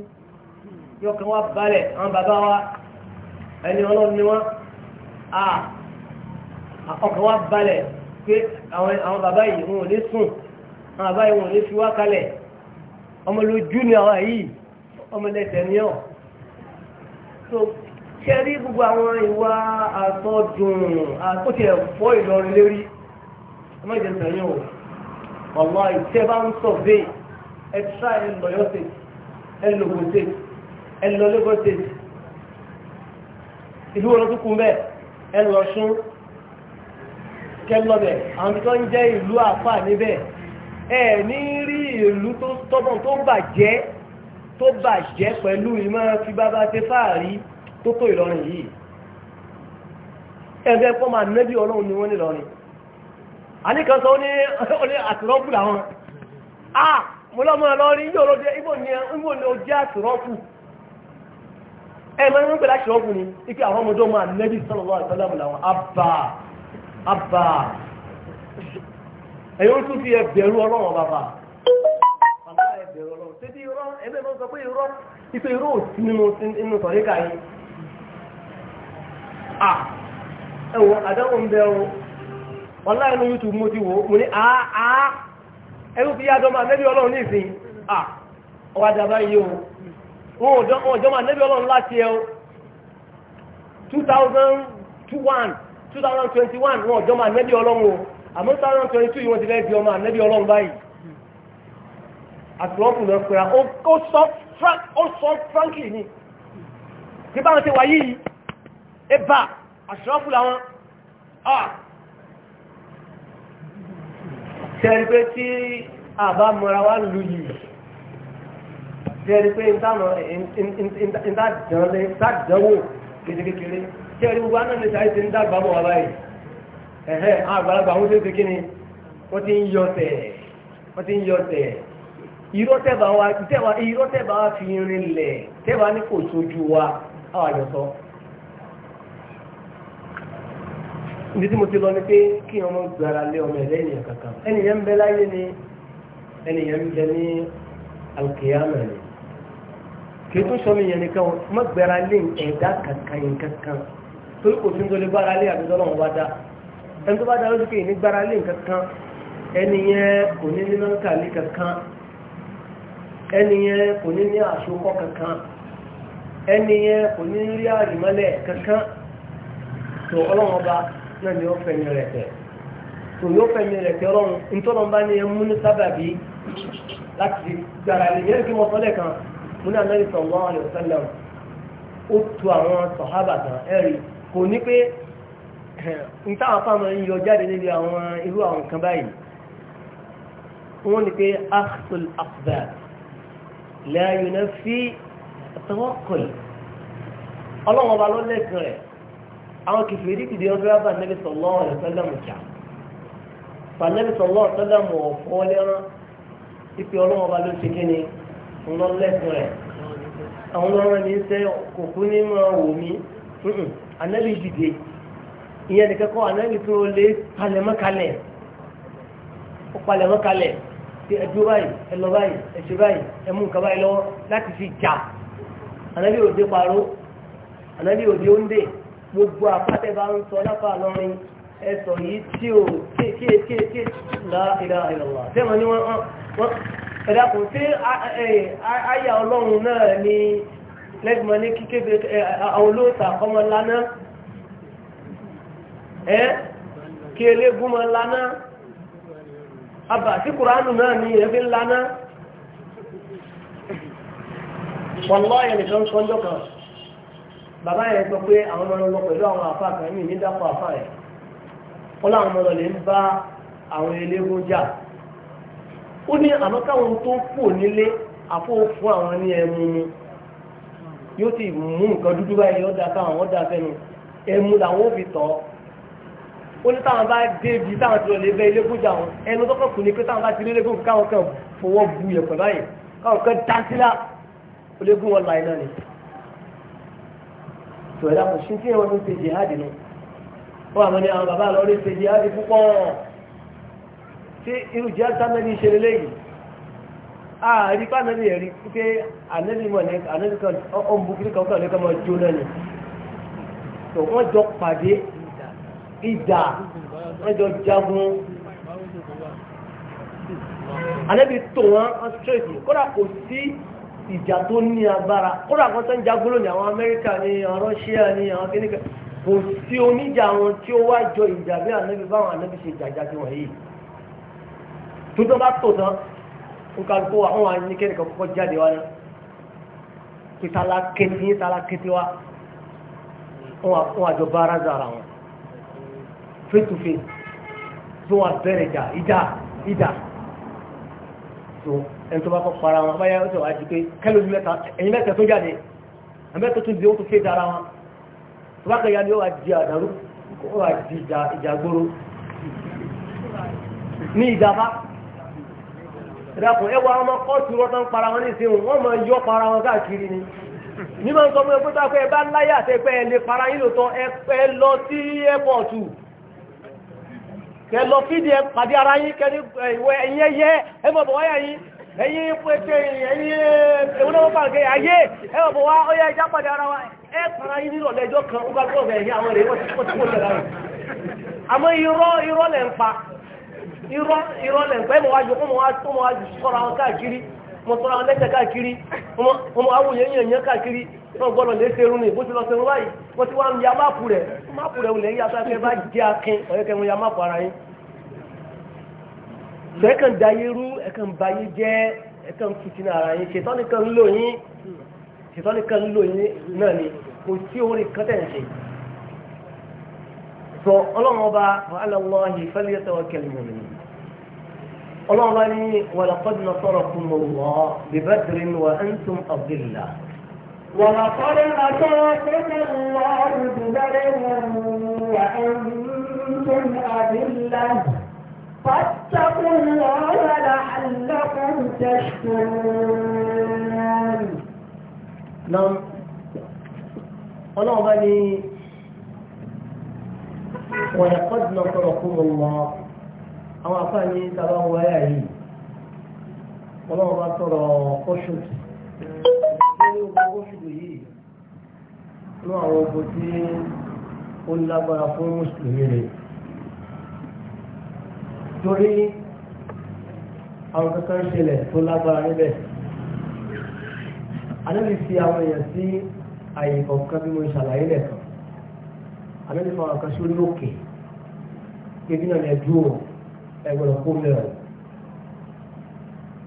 yọ kan wá balẹ̀ àwọn bàbá wa ẹni ọlọ́run ni wọ́n à ọkàn wá balẹ̀ pé àwọn bàbá yìí wọn ò ní sùn àwọn bàbá yìí wọn ò ní fi wá kalẹ̀ ọmọ lójú ni àwọn yìí ọmọ lẹ́sẹ̀ ni ọ̀ so ṣe rí gbogbo àwọn ìwà àtọ́dùn àkótì ẹ̀fọ́ Ìlọrin lérí ọmọ ìjẹun tẹ̀yìn o allah ìṣẹ́ bá ń sọ̀ bẹ́ẹ̀ ẹ̀tíra ẹ̀ lọ yọ tètè ẹ̀ lọ ògùn tètè ẹ̀ lọ lẹ́gọ́ tètè ìlú wọn tó kún bẹ́ẹ̀ ẹ̀ lọ sún kẹ́lọ́bẹ̀ àwọn tó ń jẹ́ ìlú àpá níbẹ̀ ẹ̀ ní rí ìlú tó tọ́bọ̀ tó bàjẹ́ tó bàjẹ́ pẹ̀lú ìmọ̀ fi bábá ṣe fáàrí tó tó Ìlọrin yìí ẹgbẹ́ pọ́ máa nẹ́bí ọlọ́run ni wọ́n ní lọ́rin àníkan sọ ní àtìrọ́bù làwọn ah mo lọ́mọ ọlọ́rí yóò ibo ni ibo ni ó a àṣìrọ́kù ẹ máa ń pèlè ike àwọn ọmọdé ọmọ ànẹ́bí sọlọ́lọ́ àtọ́lámù làwọn abà abà tún fi ẹbẹ̀rù ọlọ́run bàbá bàbá ẹbẹ̀rù ọlọ́run títí irọ́ ife ẹrú fi yá dọ́mọ anẹ́bí ọlọ́run ní ìsìn à ọwọ́ àdàbà yìí o wọn ò jọmọ anẹ́bí ọlọ́run láti ẹ o two thousand two one two thousand twenty one wọn ò jọmọ anẹ́bí ọlọ́run o àmọ́ two thousand twenty two yìí wọ́n ti fẹ́ di ọmọ anẹ́bí ọlọ́run báyìí àtúrọ́pù lọ pera ó sọ frankly ni tí báwọn ti wáyé yìí ẹ bá àtúrọ́pù làwọn ah ṣẹ́rí pé tí àbá mọ́ra wá lù yìí ṣẹ́rí pé ìtàdánwò kékeré ṣẹ́rí gbogbo anáà nìta ti ń dàgbà bọ̀ wá báyìí ẹ̀hẹ́ àgbàlagbà àwọn oṣooṣù kí ni wọ́n ti ń yọ tẹ̀ wọ́n ti ń yọ tẹ̀ irọ́ tẹ́bà wa irọ́ tẹ́bà wa fi rin lẹ̀ tẹ́bà ní kò sójú wa àwọn ní mo ti lọ ni pé kí ọmọ gbára lé ọmọ ẹ̀rẹ́ ènìyàn kankan ẹnìyàn ń bẹ láyé ni ẹnìyàn ń bẹ ní alkiyama ni kì í tún sọ mi yẹn nìkan o má gbára lé ẹ̀dá kankan yẹn kankan torí kò sí nítorí gbára lé àdúgbò náà wá dá ẹni tó bá dá lójú kéyìn ní gbára lé kankan ẹnìyẹn kò ní ní mọ́ńkà lé kankan ẹnìyẹn kò ní ní àṣokọ́ kankan ẹnìyẹn kò ní rí àrìmọ́lẹ̀ kankan tó ọlọ́run ọba náà ni ó fẹ̀mí rẹ̀ tẹ̀ tò yóò fẹ̀mí rẹ̀ tẹ̀ ọlọ́run ntọ́nà bá ní ẹmú ní sábàbí láti gbàrà lè yẹn kí mo sọ lẹ́ẹ̀kan mo ní ànábì sallallahu alaihi wasallam ó tu àwọn sọ̀hábà tán ẹ̀rí kò ní pé n táwọn fáwọn ń yọ jáde níbi àwọn irú àwọn nǹkan báyìí wọ́n ní pé akhsul akhbar la yunafi tawakkul ọlọ́run ọba ló lẹ́sìn rẹ̀ àwọn kìfìrí kìdí ọdún rábà nẹ́bí sọ̀lọ́ ọ̀rẹ́ sẹ́lẹ̀mù jà fànẹ́bí sọ̀lọ́ sẹ́lẹ̀mù ọ̀fọ́ lẹ́rán ipe ọlọ́wọ́ bá ló ṣe kí ni ńlọ lẹ́sùn rẹ̀ àwọn ọlọ́run ní sẹ́ kò kú ní máa wò mí anẹ́bí dìde ìyẹn nìkan kọ́ anẹ́bí tó lé palẹ̀mọ́kalẹ̀ ó palẹ̀mọ́kalẹ̀ ti ẹdú báyìí ẹlọ báyìí ẹṣẹ báyìí ẹmú nǹkan báyìí lọ́wọ́ láti gbogbo àpátẹ́ bá ń sọ lápá lọ́rin ẹ̀sọ̀ yìí tí ó kéèkéèkéè láìra ìrọ̀lá tẹ́mọ̀ ní wọ́n ẹ̀dàkùn tí àyà ọlọ́run náà ni lẹ́gbọ̀n ní kíkébe àwọn olóòtà ọmọ lánà ẹ́ kí elégún mọ lánà àbà tí kùránù náà ni ẹbí lánà wọ́n lọ́ọ̀yẹ̀ nìkan sọ́jọ́ kan bàbá yẹn sọ pé àwọn ọmọ lọ pẹ̀lú àwọn àfa kan yìí ní dápọ̀ àfa yẹn wọ́n láwọn ọmọ lọ́lẹ̀ ń bá àwọn eléégún jà ó ní àmọ́ káwọn tó pò nílé àpò fún àwọn ní ẹmu mu yóò ti mú nǹkan dúdú báyìí ọ̀dà káwọn ọ̀dà fẹ́nu ẹmu làwọn ò fi tọ́ ó ní táwọn bá débi táwọn ti lọ lè bẹ ilégún jà wọn ẹnu tó kàn kù ní pé táwọn bá ti rí ilégún káwọn kan fọwọ́ bu yẹ̀pẹ̀ báyìí káwọn kan dá sílá olégún wọn láì náà tòlá kò sí tí wọn ti jihadi nù wọn àmọ́ ni àwọn bàbá lọ rí ṣe jihadi púpọ̀ tí irú jihadi sànẹ́bí ṣe lélẹ́ yìí ààrí pa ànẹ́bí ẹ̀rí pé ànẹ́bí mọ̀ ní ànẹ́bí kan ọ̀nbù kiri kan kàn ní kan máa jó náà ni tó wọ́n jọ pàdé ìdá wọ́n jọ jagun ànẹ́bí tó wọn ìjà tó ní agbára kódà kan tó ń jagbóló ní àwọn amẹ́ríkà ní àwọn rọ́ṣíà ní àwọn kíníkà kò sí oníjà wọn tí ó wá jọ ìjà bí ànábi báwọn ànábi ṣe jàjà sí wọ̀nyí tó tó bá tò tán nǹkan kó àwọn àníkẹ́ni kan kọ́kọ́ jáde wá náà pé tala kété tala wá wọn àjọ bára zara wọn face to face tó wà bẹ̀rẹ̀ ìjà ìjà ìjà tó ẹni tó bá kọ́ para wọn báyá ó sọ wá sí pé kẹ́lò ju mẹ́ta ẹ̀yin mẹ́ta tó jáde ẹ̀mẹ́ tó tún di ó tún wọn tó bá kẹ́ ni ó wà di àdàrú ó wà di ìjàgbóró ní ìjàmbá ìdàpọ̀ ẹwà ọmọ kọ́ọ̀tù wọn tán para wọn ní ìsìn wọn mọ yọ para wọn káàkiri ni ní máa ń sọ fún ẹ pé tá a fẹ́ ẹ bá láyà àti ẹ lè para yín lòótọ́ ẹ lọ sí ẹ́pọ̀tù kẹ lọ fídí pàdé ara yín kẹ ní ìwẹ ẹyin ẹyẹ ẹ mọ̀ bọ̀ wáyà yín ẹyin pété ẹyin ewúrẹ́wọ́ pàǹkẹ́ ayé ẹ mọ̀ bọ̀ wá ọyá yẹ pàdé ara wá ẹ para yín nínú kan ó bá ẹ̀yìn àwọn pa irọ́ irọ́ lẹ̀ ń pa ẹ mo tọ́ra wọn lẹ́sẹ̀ káàkiri mo mọ awòye yẹn yẹn káàkiri wọn gbọ́dọ̀ lè ṣerú ni bó ti lọ ṣerú báyìí wọ́n ti wá ń ya máàpù rẹ̀ máàpù rẹ̀ wọlé yíyá sáfẹ́ bá jẹ́ akin ọ̀yẹ́kẹ́ mo ya máàpù ara yín. sẹ́kàn dayé rú ẹ̀kàn bayé jẹ́ ẹ̀kàn fitinà ara yín ṣètọ́ni kan ń lò yín ṣètọ́ni kan ń lò yín náà ni kò sí orin kan tẹ̀ ń ṣe. sọ ọlọ́run ọba aláwọ̀ الله علي ولقد نصركم الله ببدر وأنتم أضلة ولقد نصركم الله ببدر وأنتم أضلة فاتقوا الله لعلكم تشكرون نعم الله علي ولقد نصركم الله àwọn afá ní sábà wọ ayà yìí ọlọ́run bá sọ̀rọ̀ kọ́ṣùtù lórí ogun kọ́ṣùtù yìí ní àwọn ogun tí ó lágbára fún mùsùlùmí rẹ̀ torí àwọn kankan ṣẹlẹ̀ tó lágbára níbẹ̀ anábì fi àwọn èèyàn sí àyè kọ̀ọ̀kan bí mo ṣàlàyé lẹ́kọ̀ọ́ anábì fún kan sórí òkè kébí náà lẹ́dúró ẹgbẹ̀rún kó mẹ́rọ̀.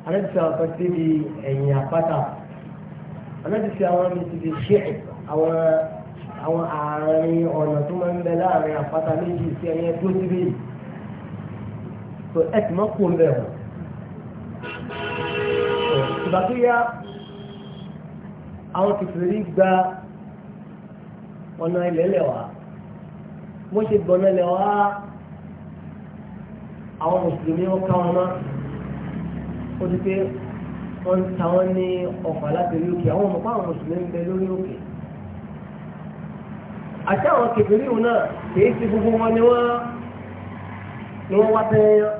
Àlẹ́ ti sọ àwọn tí di ẹ̀yìn àpáta. Àlẹ́ ti sọ àwọn mi ti di ṣé àwọn àwọn àárín ọ̀nà tó máa ń bẹ láàrin àpáta méjì sí ẹ̀yìn ẹgbẹ́ òsibí. Tó ẹ ti mọ́ kó mẹ́rọ̀. Ìgbà tó yá àwọn kìfìrí gba ọ̀nà ilẹ̀ lẹ̀ wá. Mo ṣe gbọ́nà lẹ̀ wá àwọn mùsùlùmí wọn ká wọn mọ́ ó ti pé wọ́n ń ta wọ́n ní ọkọ̀ láti orí òkè àwọn ọmọkọ́ àwọn mùsùlùmí ń bẹ lórí òkè àti àwọn kèfèrí òun náà kìí ti gbogbo wọn ni wọ́n ni wọ́n wá tẹ́yẹ́yán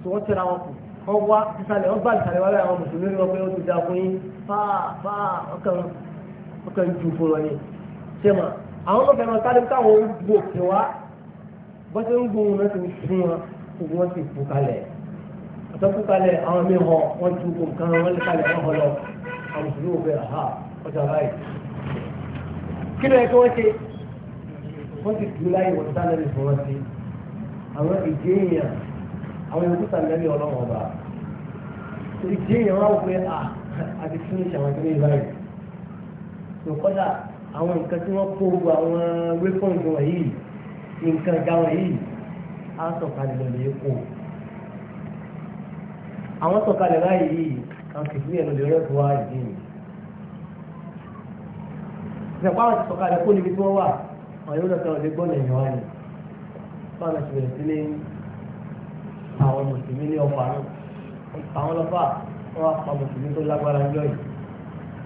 tí wọ́n tẹ́ra wọn kù wọ́n wá ìsàlẹ̀ wọ́n bá ìsàlẹ̀ wálé àwọn mùsùlùmí wọn pé ó ti da fún yín fáà fáà ọkàn ọkàn ju fún wọn ni ṣé mà àwọn ọmọ fẹ́ràn sáré káwọn gbòkè wá bó ṣe ń gbóhùn náà ti ń fún wọn gbogbo wọn sì fún kalẹ̀ àtọ́kù kalẹ̀ àwọn mi hàn wọ́n ju nǹkan wọn lè kalẹ̀ wọn hàn lọ àwọn mùsùlùmí ò fẹ́ àhà ọjà báyìí. kí ló yẹ kí wọ́n ṣe wọ́n ti dùn láyé wọ́n sáré lè fún wọn sí àwọn ìdí èèyàn àwọn ìlú sàlẹ̀ lè ọlọ́wọ́n ọba ìdí èèyàn wọn wọ́n pé à àti fúnìṣì àwọn ìdílé báyìí tó kọ́dà àwọn nǹkan tí wọ́n kó gbogbo àwọn wéfọ̀n ìjọba nǹkan ìdáwọn yìí á sọ̀kalẹ̀ lọ lè kó àwọn sọ̀kalẹ̀ láyé yìí kan kì í ẹnu lè rẹ́pọ̀ wá ìdí mi ìṣẹ̀pá àwọn ti sọ̀kalẹ̀ kó níbi tí wọ́n wà àwọn yóò lọ́sọ̀ lè gbọ́n lẹ́yìn wá ni báwọn ti bẹ̀rẹ̀ sí ní àwọn mùsùlùmí ní ọ̀pá àwọn lọ́fà wọ́n wá pa mùsùlùmí tó lágbára ńjọ́ yìí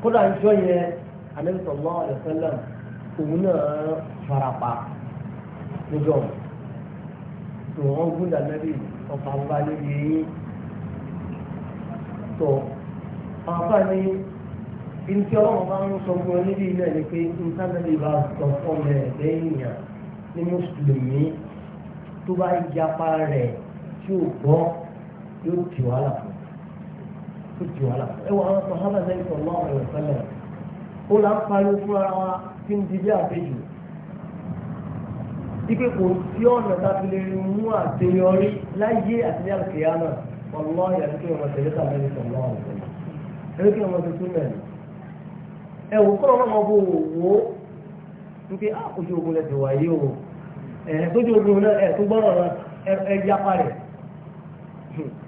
kódà ńjọ́ yẹn àdébùsọ̀ lọ́wọ́ àdébùsọ̀ níjọ́ tó wọ́n gún dànẹ́bí ọ̀pá ńlá lórí eyín tó àbá ní ìntí ọlọ́run bá ń sọ fún ọ níbi ilé ni pé ìntánẹ́bí bá sọ fún ọmọ ẹ̀ lẹ́yìn yàn ní mùsùlùmí tó bá yapa rẹ̀ tí ò gbọ́ yóò tì wàhálà fún yóò tì wàhálà fún ẹ wọ àwọn sọ hábà sẹ́yìn sọ̀rọ̀ ọ̀rọ̀ ìfẹ́lẹ̀ ó là ń pariwo fún ara wa tí ń di bí àbẹ́jù ipe sí ọ̀nà tàbí lè mú àṣeyọrí láyé àti ní àlùkìyà náà ọlọ́ ìyàtí kí ọmọ tẹ̀lé tàbí ẹni tẹ̀lé ọ̀hún ẹni kí ọmọ tuntun náà ni. ẹ wò kọ́ ọmọ bò wò ó wípé á ojú ogun lẹ ti wà yìí o ẹ ko tójú ogun le ti ẹ o tó gbọ́rọ̀ to gbodo ẹ yapa rẹ̀.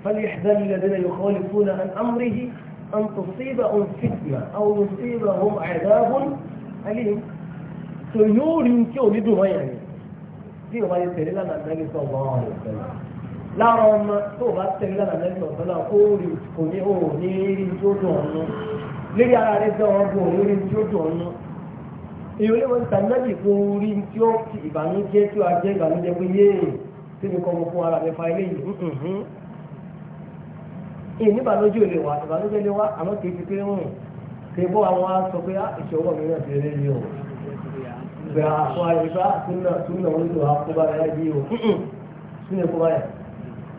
فليحذر الذين يخالفون عن أمره أن تصيبهم فتنة أو يصيبهم عذاب أليم. سيورين كيو ندوها يعني bí o bá yẹ tẹ̀lé lánàá nàbí sọ̀rọ̀ wọn rẹ̀ sẹ́yìn lára ọmọ tó o bá tẹ̀lé lánàá nàbí sọ̀rọ̀ sọ́nà ó rí kò ní o ní rí tí ó dùn ọ̀nù lérí ara rẹ̀ sọ wọn bò ní rí tí ó dùn ọ̀nù èyí ló ń ta nàbí kó rí tí ó fi ìbànújẹ́ tí ó ajẹ́ ìbànújẹ́ pé yéè tí mi kọ́ mo fún ara mi fa eléyìí ìní ìbànújẹ́ ò lè wá ìbànújẹ́ pé àpò àyíká túnlẹ̀ túnlẹ̀ wọn lò àpò báyà bí o túnlẹ̀ kó báyà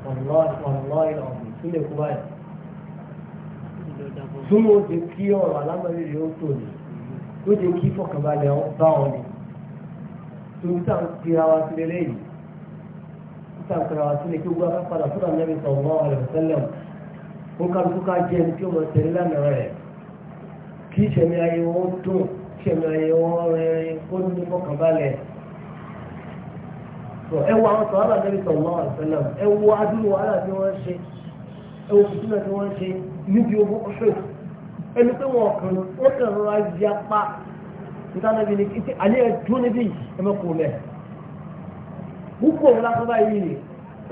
ọ̀nà túnlẹ̀ kó báyà. túnmọ̀ ó ti kí ọ̀rọ̀ alámọ̀lẹ́ rẹ̀ ó tò ní ó ti kí fọkànbalẹ̀ bá wọn ni tòun tá à ń pera wa sílẹ̀ lẹ́yìn tá à ń pera wa sílẹ̀ kí gbogbo afẹ́ padà sọ́dọ̀ sallallahu alaihi wasallam ó kálukú ká jẹ́ ẹni tí ó mọ̀ tẹ̀lé lánàá rẹ̀ kí ìṣẹ̀mí ayé ṣẹ̀yàn ẹ̀yìn wọn ẹ̀yìn kó ní mọ́kànbalẹ̀. ẹ wo àwọn sọ̀rọ̀ àtẹ́lẹ̀ sọ̀rọ̀ mọ́ àtẹ́lẹ̀ ẹ wo adúlù wàhálà tí wọ́n ṣe ẹ wo fìtínà tí wọ́n ṣe níbi ogun ọ̀ṣọ́ ẹni pé wọn kàn wọ́n kàn rọra ya pa ìtànàbí ni kí alẹ́ ẹ dún níbí ẹ mọ̀ kó lẹ̀. púpọ̀ ńlá tó báyìí ni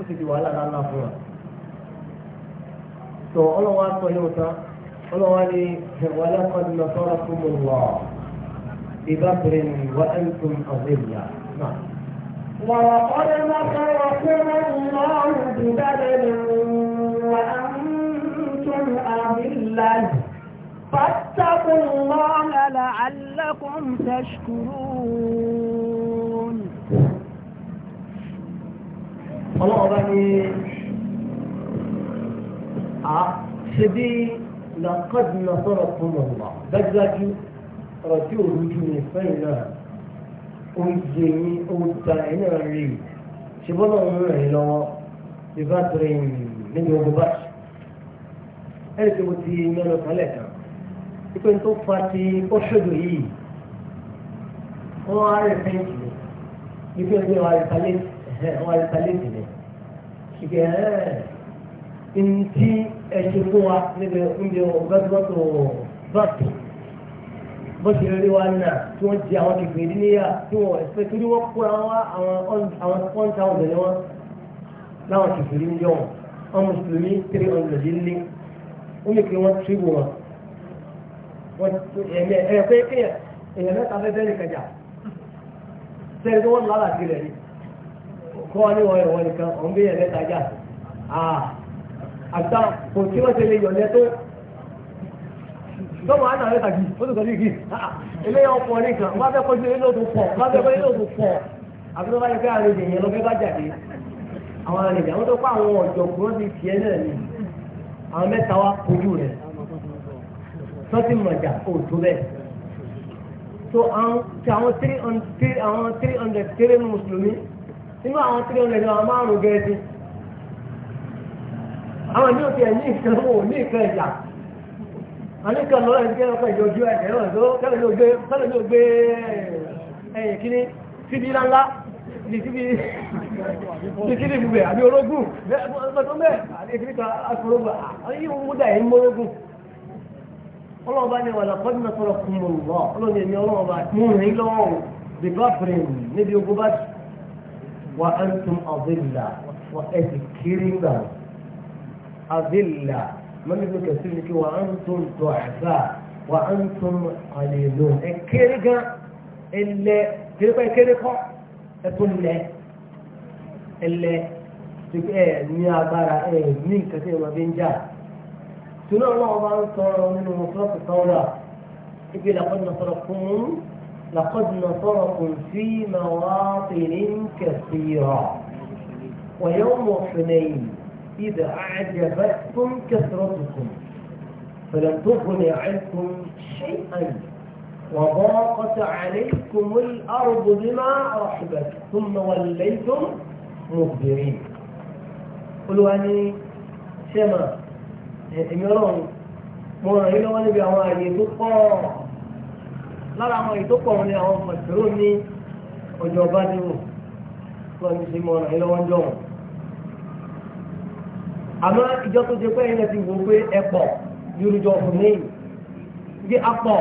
ó ti di wàhálà ńlá fún wa. tó ọlọ́wọ́ á sọ yóò tán ọlọ́wọ́ á ní wàlẹ́kọ̀ọ́ ببكر وأنتم أظلة نعم ولقد نصركم الله ببدر وأنتم أذلة فاتقوا الله لعلكم تشكرون الله bá ní a ṣe bí làkọ́dùnà ọ̀rọ̀ tí ò rújú ní fẹ́yìn náà ó yé yín ó da ẹ̀yìn náà rí i ṣùgbọ́n náà ń ràn yín lọ́wọ́ yorùbá tẹ̀lé níbi ogun bá ẹ̀rì tí mo ti mẹ́nu kan lẹ́ẹ̀kan ipe tó fa ti kọ́ṣọ́dọ̀ yìí wọ́n á rẹ̀ fẹ́ǹtì ni ipe ẹgbẹ́ wa rẹ̀ palẹ́tì ni ṣùgbọ́n ẹ̀ẹ́n tí ẹ ṣe fún wa níbi oúnjẹ ọ̀gáṣọ́tò bàtò bó ti rí wa náà tí wọ́n jẹ àwọn kékeré níyà tí wọ́n ẹ̀fẹ́ torí wọ́n kóra wọn àwọn one thousand wọn láwọn kékeré níyà wọn wọn mùsùlùmí three hundred lé ó lè pe wọn tírìbù wọn wọn ẹ̀yẹ ẹ̀yẹ pé kéèyàn èèyàn mẹ́ta fẹ́ bẹ́ẹ̀ nìkan jà sẹ́ni tí wọ́n lálàá sí rẹ̀ ni kọ́ ọ ní wọ́n ẹ̀wọ̀n nìkan ọ̀hún bí ẹ̀yẹ mẹ́ta jà àà àgbà kò tí wọ́n ti lè yọ̀ lẹ́tọ́ lọ́wọ́ àná rẹ̀ tàbí ó tún kí eléyà ọkọ̀ ní ah, kan wọ́n fẹ́ kọjú eléyà tó pọ̀ wọ́n fẹ́ kọjú eléyà tó pọ̀ àbí bá yẹ kí àlejò yẹn lọ bá jáde àwọn àlejò àwọn tó kọ́ àwọn ọ̀jọ̀gbọ́n ti tiẹ̀ náà ni àwọn mẹ́ta wá kojú rẹ̀ sọ́tì mọ̀jà kò bẹ́ẹ̀ so àwọn tí àwọn three hundred kéré ní mùsùlùmí nínú àwọn three hundred ní àwọn márùn-ún gẹ̀ẹ́sì àwọn ìlú òkè ní ìkẹ́ ní ìkẹ́ ìjà àníkà lọ́rọ̀ ẹgbẹ́ ọkọ̀ ìjọjú ẹ̀rọ tó kẹ́lẹ̀ ló gbé ẹ̀yìn kíní síbi ńláńlá ní síbi ìbùbẹ̀ àbí orógùn mẹ́tọ́mẹ́ àdékìníkà aṣọ́rọ́gbà ayé múdà ẹ̀ mọ́rógùn ọlọ́ọ̀bá ni wàlá fọ́dúnmẹ́ sọ̀rọ̀ fún mọ̀ lọ́ ọlọ́ọ̀ni ẹ̀mí ọlọ́ọ̀bá mú rìn lọ́wọ́ bíbá pèrè níbi ogun bá wà á ń tún àbílà wà ẹ̀ sì kiri ń gbà àbílà من ابن كثير لك وأنتم ضعفاء وأنتم قليلون الكرجة اللي تبقى كرجة تقول لا اللي تبقى إيه؟ نيابارة إيه من كثير ما بينجا سنة الله أبعاد صار من مصرف الطاولة إذا لقد نصركم لقد نصركم في مواطن كثيرة ويوم حنين إذا أعجبتكم كثرتكم فلم تغن عنكم شيئا وضاقت عليكم الأرض بما رحبت ثم وليتم مدبرين قلوا أني سما إميرون mọ̀ràn yìí lọ́wọ́ níbi àwọn àyè tó pọ̀ lára àwọn àyè tó pọ̀ ní àwọn mọ̀tòrò ní ọjọ́ bá dúró lọ́wọ́ ní sí mọ̀ràn yìí lọ́wọ́ ń jọ̀wọ́. àmọ́ ìjọ tó ṣe pé ẹ̀yìn ti wò pé ẹ̀pọ̀ yorùjọ fún mi bí apọ̀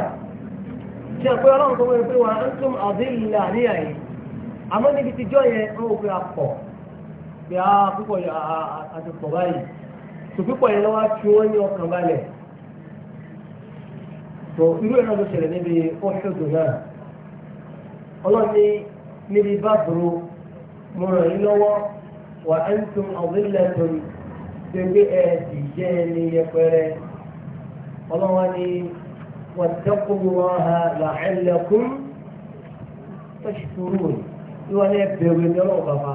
ṣe pé ọlọ́run tó wọ́n pé wà ń tún àdéhìlà níyà àmọ́ níbi ti jọ yẹn ń wò pé apọ̀ a púpọ̀ yà á ti pọ̀ báyìí tó púpọ̀ yẹn lọ́wọ́ tí wọ́n ní ọkàn balẹ̀ tó irú ẹ̀rọ ṣẹlẹ̀ níbi náà níbi bá ṣe pé ẹ sì jẹ́ ẹni yẹpẹrẹ ọlọ́wọ́n ni wattaqullaha la'allakum tashkurun tí wọ́n ní ẹbẹ̀rù ẹni ọlọ́wọ́ bàbá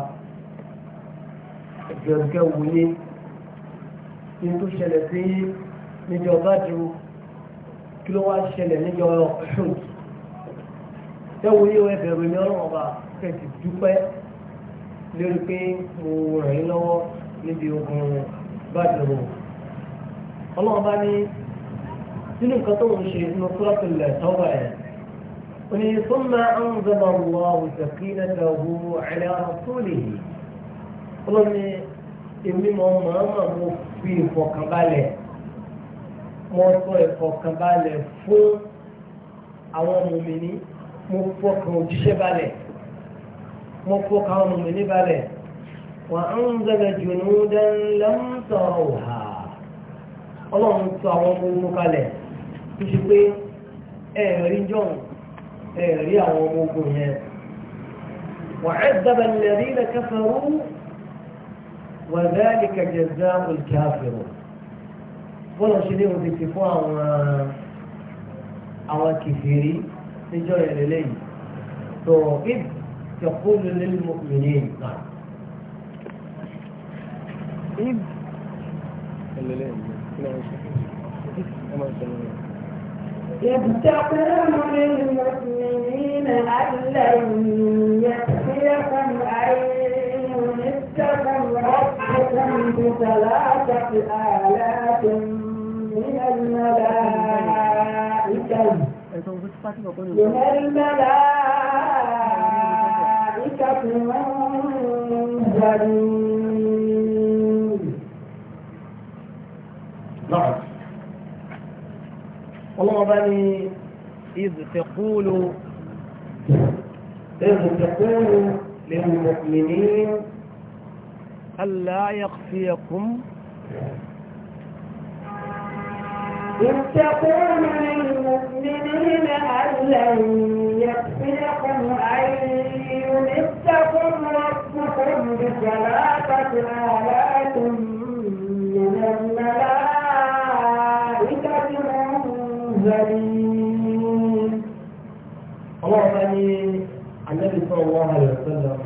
ẹbẹ̀rù kẹwù yé kí n tó ṣẹlẹ̀ sí níjọ bá ju kí ló wá ṣẹlẹ̀ níjọ ṣùn kẹwù yé ẹbẹ̀rù ẹni ọlọ́wọ́ bàbá kẹsì dúpẹ́ lórí pé mo ràn yín lọ́wọ́ níbi ogun rẹ̀ badiru ọlọ́run bá ní sínú nǹkan tó ń ṣe inú kúrọ́pìlẹ̀ tọ́wọ́ ẹ̀ òní súnmọ́ anzala Allahu sakinatahu ala rasulihi ọlọ́run ní èmi mọ̀ mọ̀ọ́mọ̀ mo fi ìfọ̀kànbalẹ̀ mo sọ ìfọ̀kànbalẹ̀ fún àwọn mùmíní mo fọkàn òjíṣẹ́ balẹ̀ mo fọkàn àwọn mùmíní balẹ̀. وأنزل جنودا لم تروها ọlọ́run tó àwọn ọmọ ogun kalẹ̀ tó ṣe pé ẹ̀rí john ẹ̀rí àwọn ọmọ ogun yẹn وعذب الذين كفروا وذلك جزاء الكافرين bọ́lá ṣe ní òbí ti fún àwọn àwọn kìfìrí níjọ́ ìrẹ̀lẹ́yìn tó ibi lulẹ̀ mọ́kùnrin náà. إذ يبتغون للمسلمين أن لن يكفيكم أن يمسكم ربكم بثلاثة آلاف من الملائكة من الملائكة منزلين نعم والله بني إذ تقول إذ تقول للمؤمنين ألا يخفيكم إذ تقول للمؤمنين ألا يخفيكم أن يمسكم ربكم بثلاثة آلاف صلى الله عليه وسلم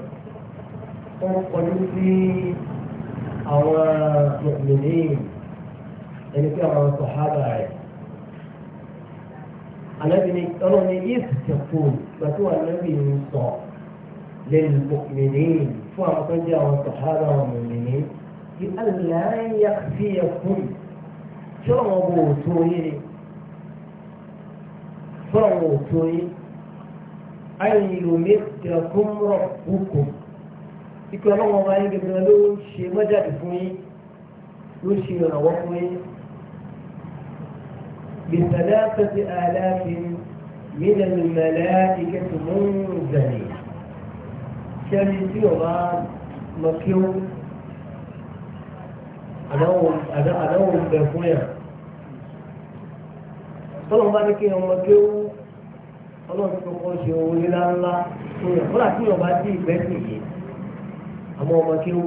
وقلتي أو مؤمنين إن كما الصحابة عليه الذي أرني يستقون فتوى النبي صلى للمؤمنين فأعطي الصحابة والمؤمنين بألا يخفيكم شربوا تويني فروا تويني ayélujáfẹ́kùn rọ̀bùkùn ikú ọlọ́wọ́ bá yín gẹ́gẹ́ ló ń ṣe mọ́jáde fún yín ló ṣe ìrànwọ́ fún yín bìtàlẹ́ àtàtì àlàáfíà mílẹ̀ mẹ́lẹ́ ìkẹ́tù mọ́rún zẹ̀lẹ̀ ṣẹ́ni tí o bá lọ kí ó àdáwò fún yà tọ́lọ́ bá ní kí ọlọ́run tó kọ́ ṣe owó nílá ńlá tó yàn fúnra tí yọ̀ọ̀ bá dé ìgbẹ́ sì yé àwọn ọmọ kí ó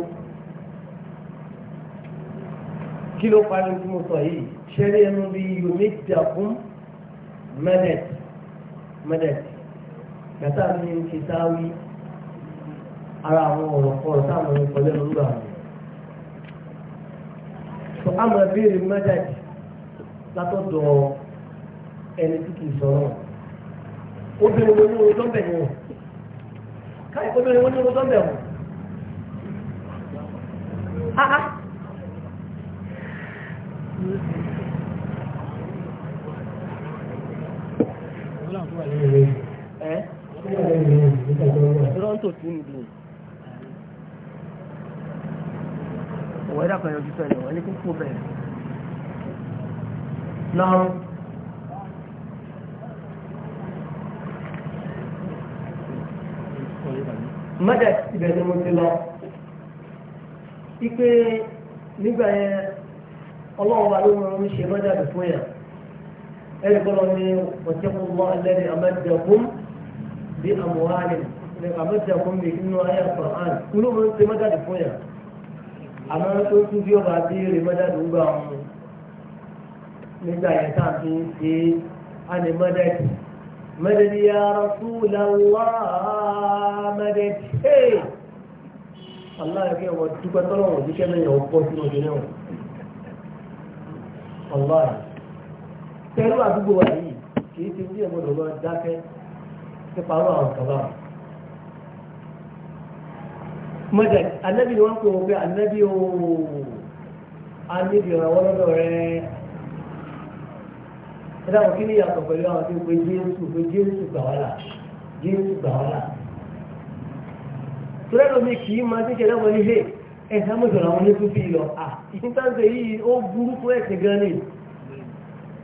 kí ló parí tí mo sọ yìí ṣé rí ẹnu bí yomi dà fún mẹ́nẹ̀t mẹ́nẹ̀t gàtà mi ń ṣe sáwí ara àwọn ọ̀rọ̀ kọ̀ọ̀rọ̀ táwọn ọmọ ìkọlẹ́ ń gbà wọ́n. sọ àmọ́ béèrè mẹ́nẹ̀t látọ̀dọ̀ ẹni tí kì í sọ̀rọ̀ obìnrin wọn ní ọjọ́ bẹ̀ wọn káyọ̀ obìnrin wọn ní ọjọ́ bẹ̀ wọn. Toronto tún nìbí. Ọ̀wọ́ ẹ̀dá kan yọjú sọ̀rọ̀ ẹ̀ wọ́n bẹ̀rẹ̀. Náà. mọ́dà ibẹ̀ ni mo ti lọ ipe nígbà yẹn ọlọ́run wa ló ń rán ṣe mọ́dà bì fún yàn ẹ̀rí kọ́ lọ ní ọ̀tẹ́kùn lọ́ ẹlẹ́ni àmọ́dẹ̀kùn bí àmúhálẹ̀ ní àmọ́dẹ̀kùn inú ayé àkùrán kúló mo ń ṣe mọ́dà bì fún yàn àmọ́ tó tún bí ọba ń gbà wọn nígbà yẹn tá a fi ṣe ní mada مدد يا رسول الله مدد hey! الله يكي ودوك تلون دي كمان يوبوت نو جنو الله pẹ̀lú àdúgbò wa yìí kì í ti ní ẹ̀mọ́dọ̀ lọ dákẹ́ nípa àwọn àwọn kàbá mọ́jẹ̀ anábì ni wọ́n pè wọ́n pé anábì ooo anábì ìrànwọ́ lọ́dọ̀ rẹ̀ ẹ̀dá wọn kí ni yàtọ̀ pẹ̀lú àwọn tí ó pe jésù pe jésù gbàwálà jésù gbàwálà tó lẹ́nu mi kì í máa ti ṣẹlẹ̀ wọn ní hẹ́ ẹ̀ka mọ̀jọ̀lá wọn ní tó fi lọ à ìtànṣe yìí ó burú fún ẹ̀sìn gan ni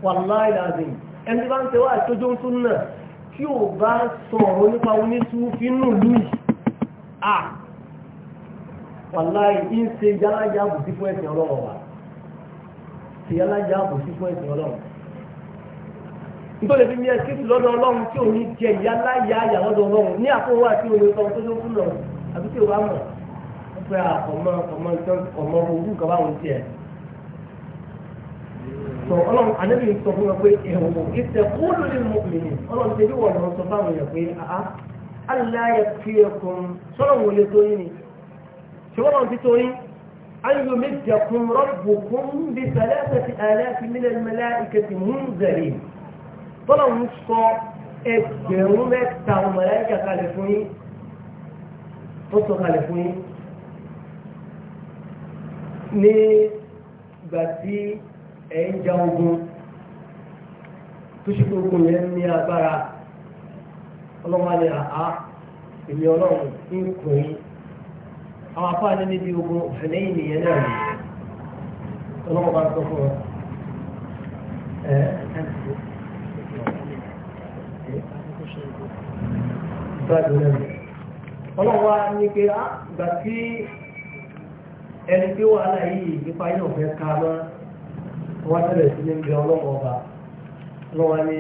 wàláì làzìm ẹni tí bá ń tẹwà àtọ́jọ́ ń tún náà tí ò bá sọ̀rọ̀ nípa onítúfí nù lùí à wàláì ń ṣe yálàjà àbòsí fún ẹ̀sìn ọlọ́run wa ṣe yálàjà àbòsí nítorí fi ní ẹ kéèkì lọ́dọ̀ ọlọ́run tí òun jẹ ìyá láyà àyà lọ́dọ̀ ọlọ́run ní àkóhò àti òye sọ tó tó kúlọ̀ àbí tí o bá mọ̀ ó fẹ́ ọmọ ọmọ ọmọ ojú kan bá wọn tiẹ̀. sọ ọlọ́run ànábì sọ fún wa pé ẹ̀wọ̀n ìtẹ̀ kúlù ní mọ̀ mí ọlọ́run ti rí wọ̀ lọ́wọ́ sọ fáwọn èèyàn pé aláyà fi ẹkùn sọ́nà wò lè tóyún ni ṣùgbọ́n wọn ti tóyún ayọ̀ méjì ẹkùn rọ́bù kún bí sàlẹ́ bọ́lá ń sọ ẹgbẹ̀rún mẹ́ta ọmọ ẹ̀ka kalẹ̀ fún yín ó sọ kalẹ̀ fún yín ní ìgbà tí ẹ̀ ń ja ogun tó ṣe pé ogun yẹn ní agbára ọlọ́mọ àá èmi ọlọ́run ń kùn yín àwọn afáàní níbi ogun ọ̀fẹ́lẹ́yìn nìyẹn náà ni ọlọ́mọ bá ń sọ fún ọ ọlọ́wọ́ ní pé àgbà tí ẹni tí wà láyé nípa yóò fẹ́ ká mọ́ wọ́n tẹ̀lẹ̀ sí ní ibi ọlọ́wọ́ ọba lọ́wọ́ ní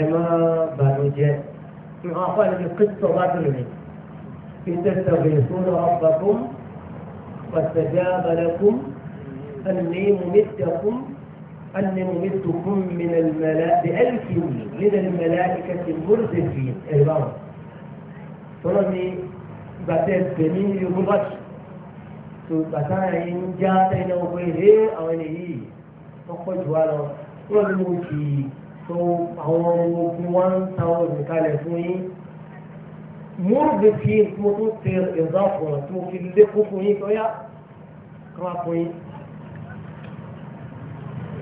ẹ̀mọ́ bàlójẹ́ àwọn afọ́ ẹni pé kìtọ̀ bá tẹ̀lẹ̀ ní ìtẹ̀tẹ̀ fún lọ́wọ́ fún أني ممدكم من الملائكة بألف من الملائكة المردفين البعض فرمي باتت بني يغلط باتاين جاءت إلى أبويه أو إليه فقد ولو ولموتي tó àwọn ọmọ ogun wá ń ta ọdún kalẹ̀ fún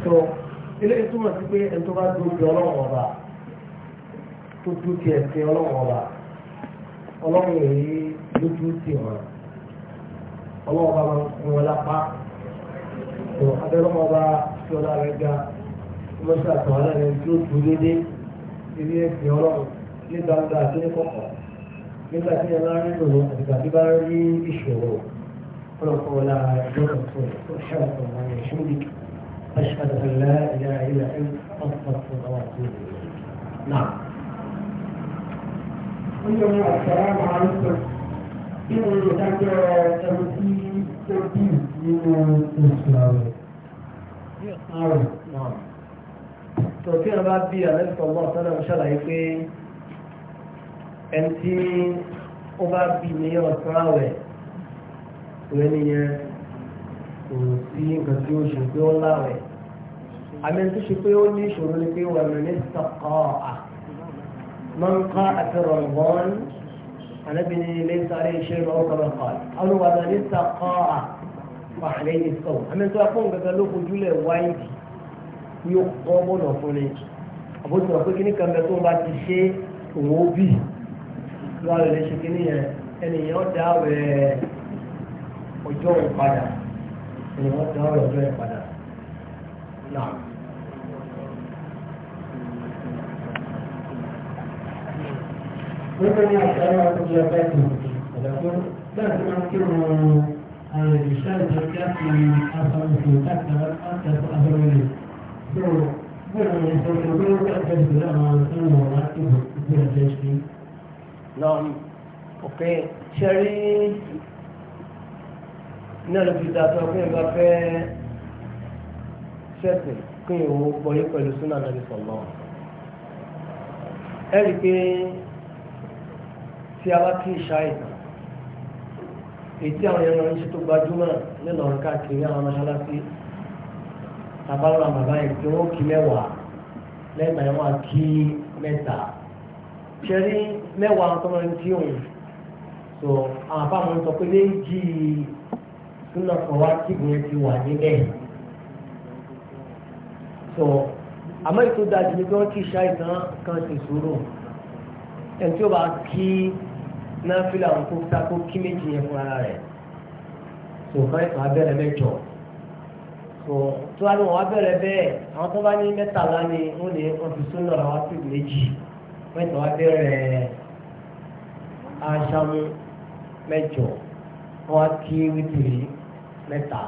tó eléyìí túmọ̀ sí pé ẹni tó bá dúró ti ọlọ́run ọba tó dúró ti ẹ̀sìn ọlọ́run ọba ọlọ́run èyí ló dúró ti wọn ọlọ́run ọba máa ń kún wọn lápá tó abẹ́rọ́mọ ọba tí ọlá rẹ̀ ga mọ́ṣẹ́ àtàwọn ẹni tó dúró dédé ilé ẹ̀sìn ọlọ́run ní gbangba àti ní kọ̀kọ̀ nígbà tí ẹ bá rí ìrònú àtìgbà tí bá rí ìṣòro ọlọ́kọ̀ọ́lá ẹ̀dọ́rọ̀ tó ṣàkóso àwọn ẹ̀ṣọ́ nìkan. أشهد أن لا إله إلا أنت أستغفرك وأتوب إليك نعم Bonjour, assalamu alaikum. Kí ni ìdájọ́ ẹni tí ó bí nínú oṣù àwẹ̀? Àwẹ̀ náà. Tòkí ọba bí àlẹ́sọ̀ ọmọ ọ̀sánà ń ṣàlàyé pé ẹni tí ó bá bí ní ọ̀sán àwẹ̀, òun ni yẹn kò sí nǹkan tí ó ṣe pé ó láwẹ̀ àmì tó ṣe pé ó ní ìṣòro ni pé wà ní sọ̀kọ́ à máa ń ká àti rọ̀gbọ́n ànábìnrin ilé sáré iṣẹ́ lọ́wọ́ kọ́lọ́kọ́ alùpàdà ní sọ̀kọ́ à wà lẹ́yìn sọ̀rọ̀ àmì tó apọ̀ nǹkan ló fojú lẹ̀ wáyìí yóò kọ́ bọ̀dọ̀ fún ni wọ́n dá ọ̀rọ̀ ọjọ́ ìpadà náà. Wọ́n ní àṣàrà ọdún ọjọ́ ìpadà náà tí wọ́n kí wọn àìrìṣà ìjọba ti aṣọ́nùsọ̀ láti aṣọ́nù rẹ̀. So, bẹ́ẹ̀ ni ìṣẹ̀lẹ̀ tó ń tẹ̀sẹ̀ sílẹ̀ máa ń tún wọn láti ìgbésẹ̀ sí. Náà, òkè, ṣe rí náà ló fi dàtọ̀ pé nǹkan fẹ́ ṣẹ̀sìn kí n ò wọlé pẹ̀lú súnà nàbí sọ̀lọ́ ẹ rí i pé tí a bá kí ìṣá ìtàn èyí tí àwọn ẹran ṣe tó gbajúmọ̀ nínú ọ̀rọ̀ káàkiri àwọn mọ́ṣáláṣí tabalọ́ àwọn yẹn tí wọ́n kí mẹ́wàá lẹ́gbàá yẹn wọ́n kí mẹ́ta ṣẹ́rí mẹ́wàá tó máa ń òun so àwọn àbámu sọ pé méjì súnà ọ̀wá tìbò yẹn ti wà níbẹ̀. sọ àmọ́ ètò dájú ni pé wọ́n ti ṣá ìtàn kan sì sùúrù ẹni tí ó bá kí náà fílà ń kó sákó kí méjì yẹn fún ara rẹ̀ sọ kan ìtàn abẹ́rẹ́ mẹ́jọ sọ tó wá ní wọn abẹ́rẹ́ bẹ́ẹ̀ àwọn tó bá ní mẹ́tàlá ni wọ́n lè wọ́n fi súnà ọ̀wá tìbò méjì wọ́n ìtàn abẹ́rẹ́ aṣáájú mẹ́jọ wọ́n á kí wítìrì mẹ́ta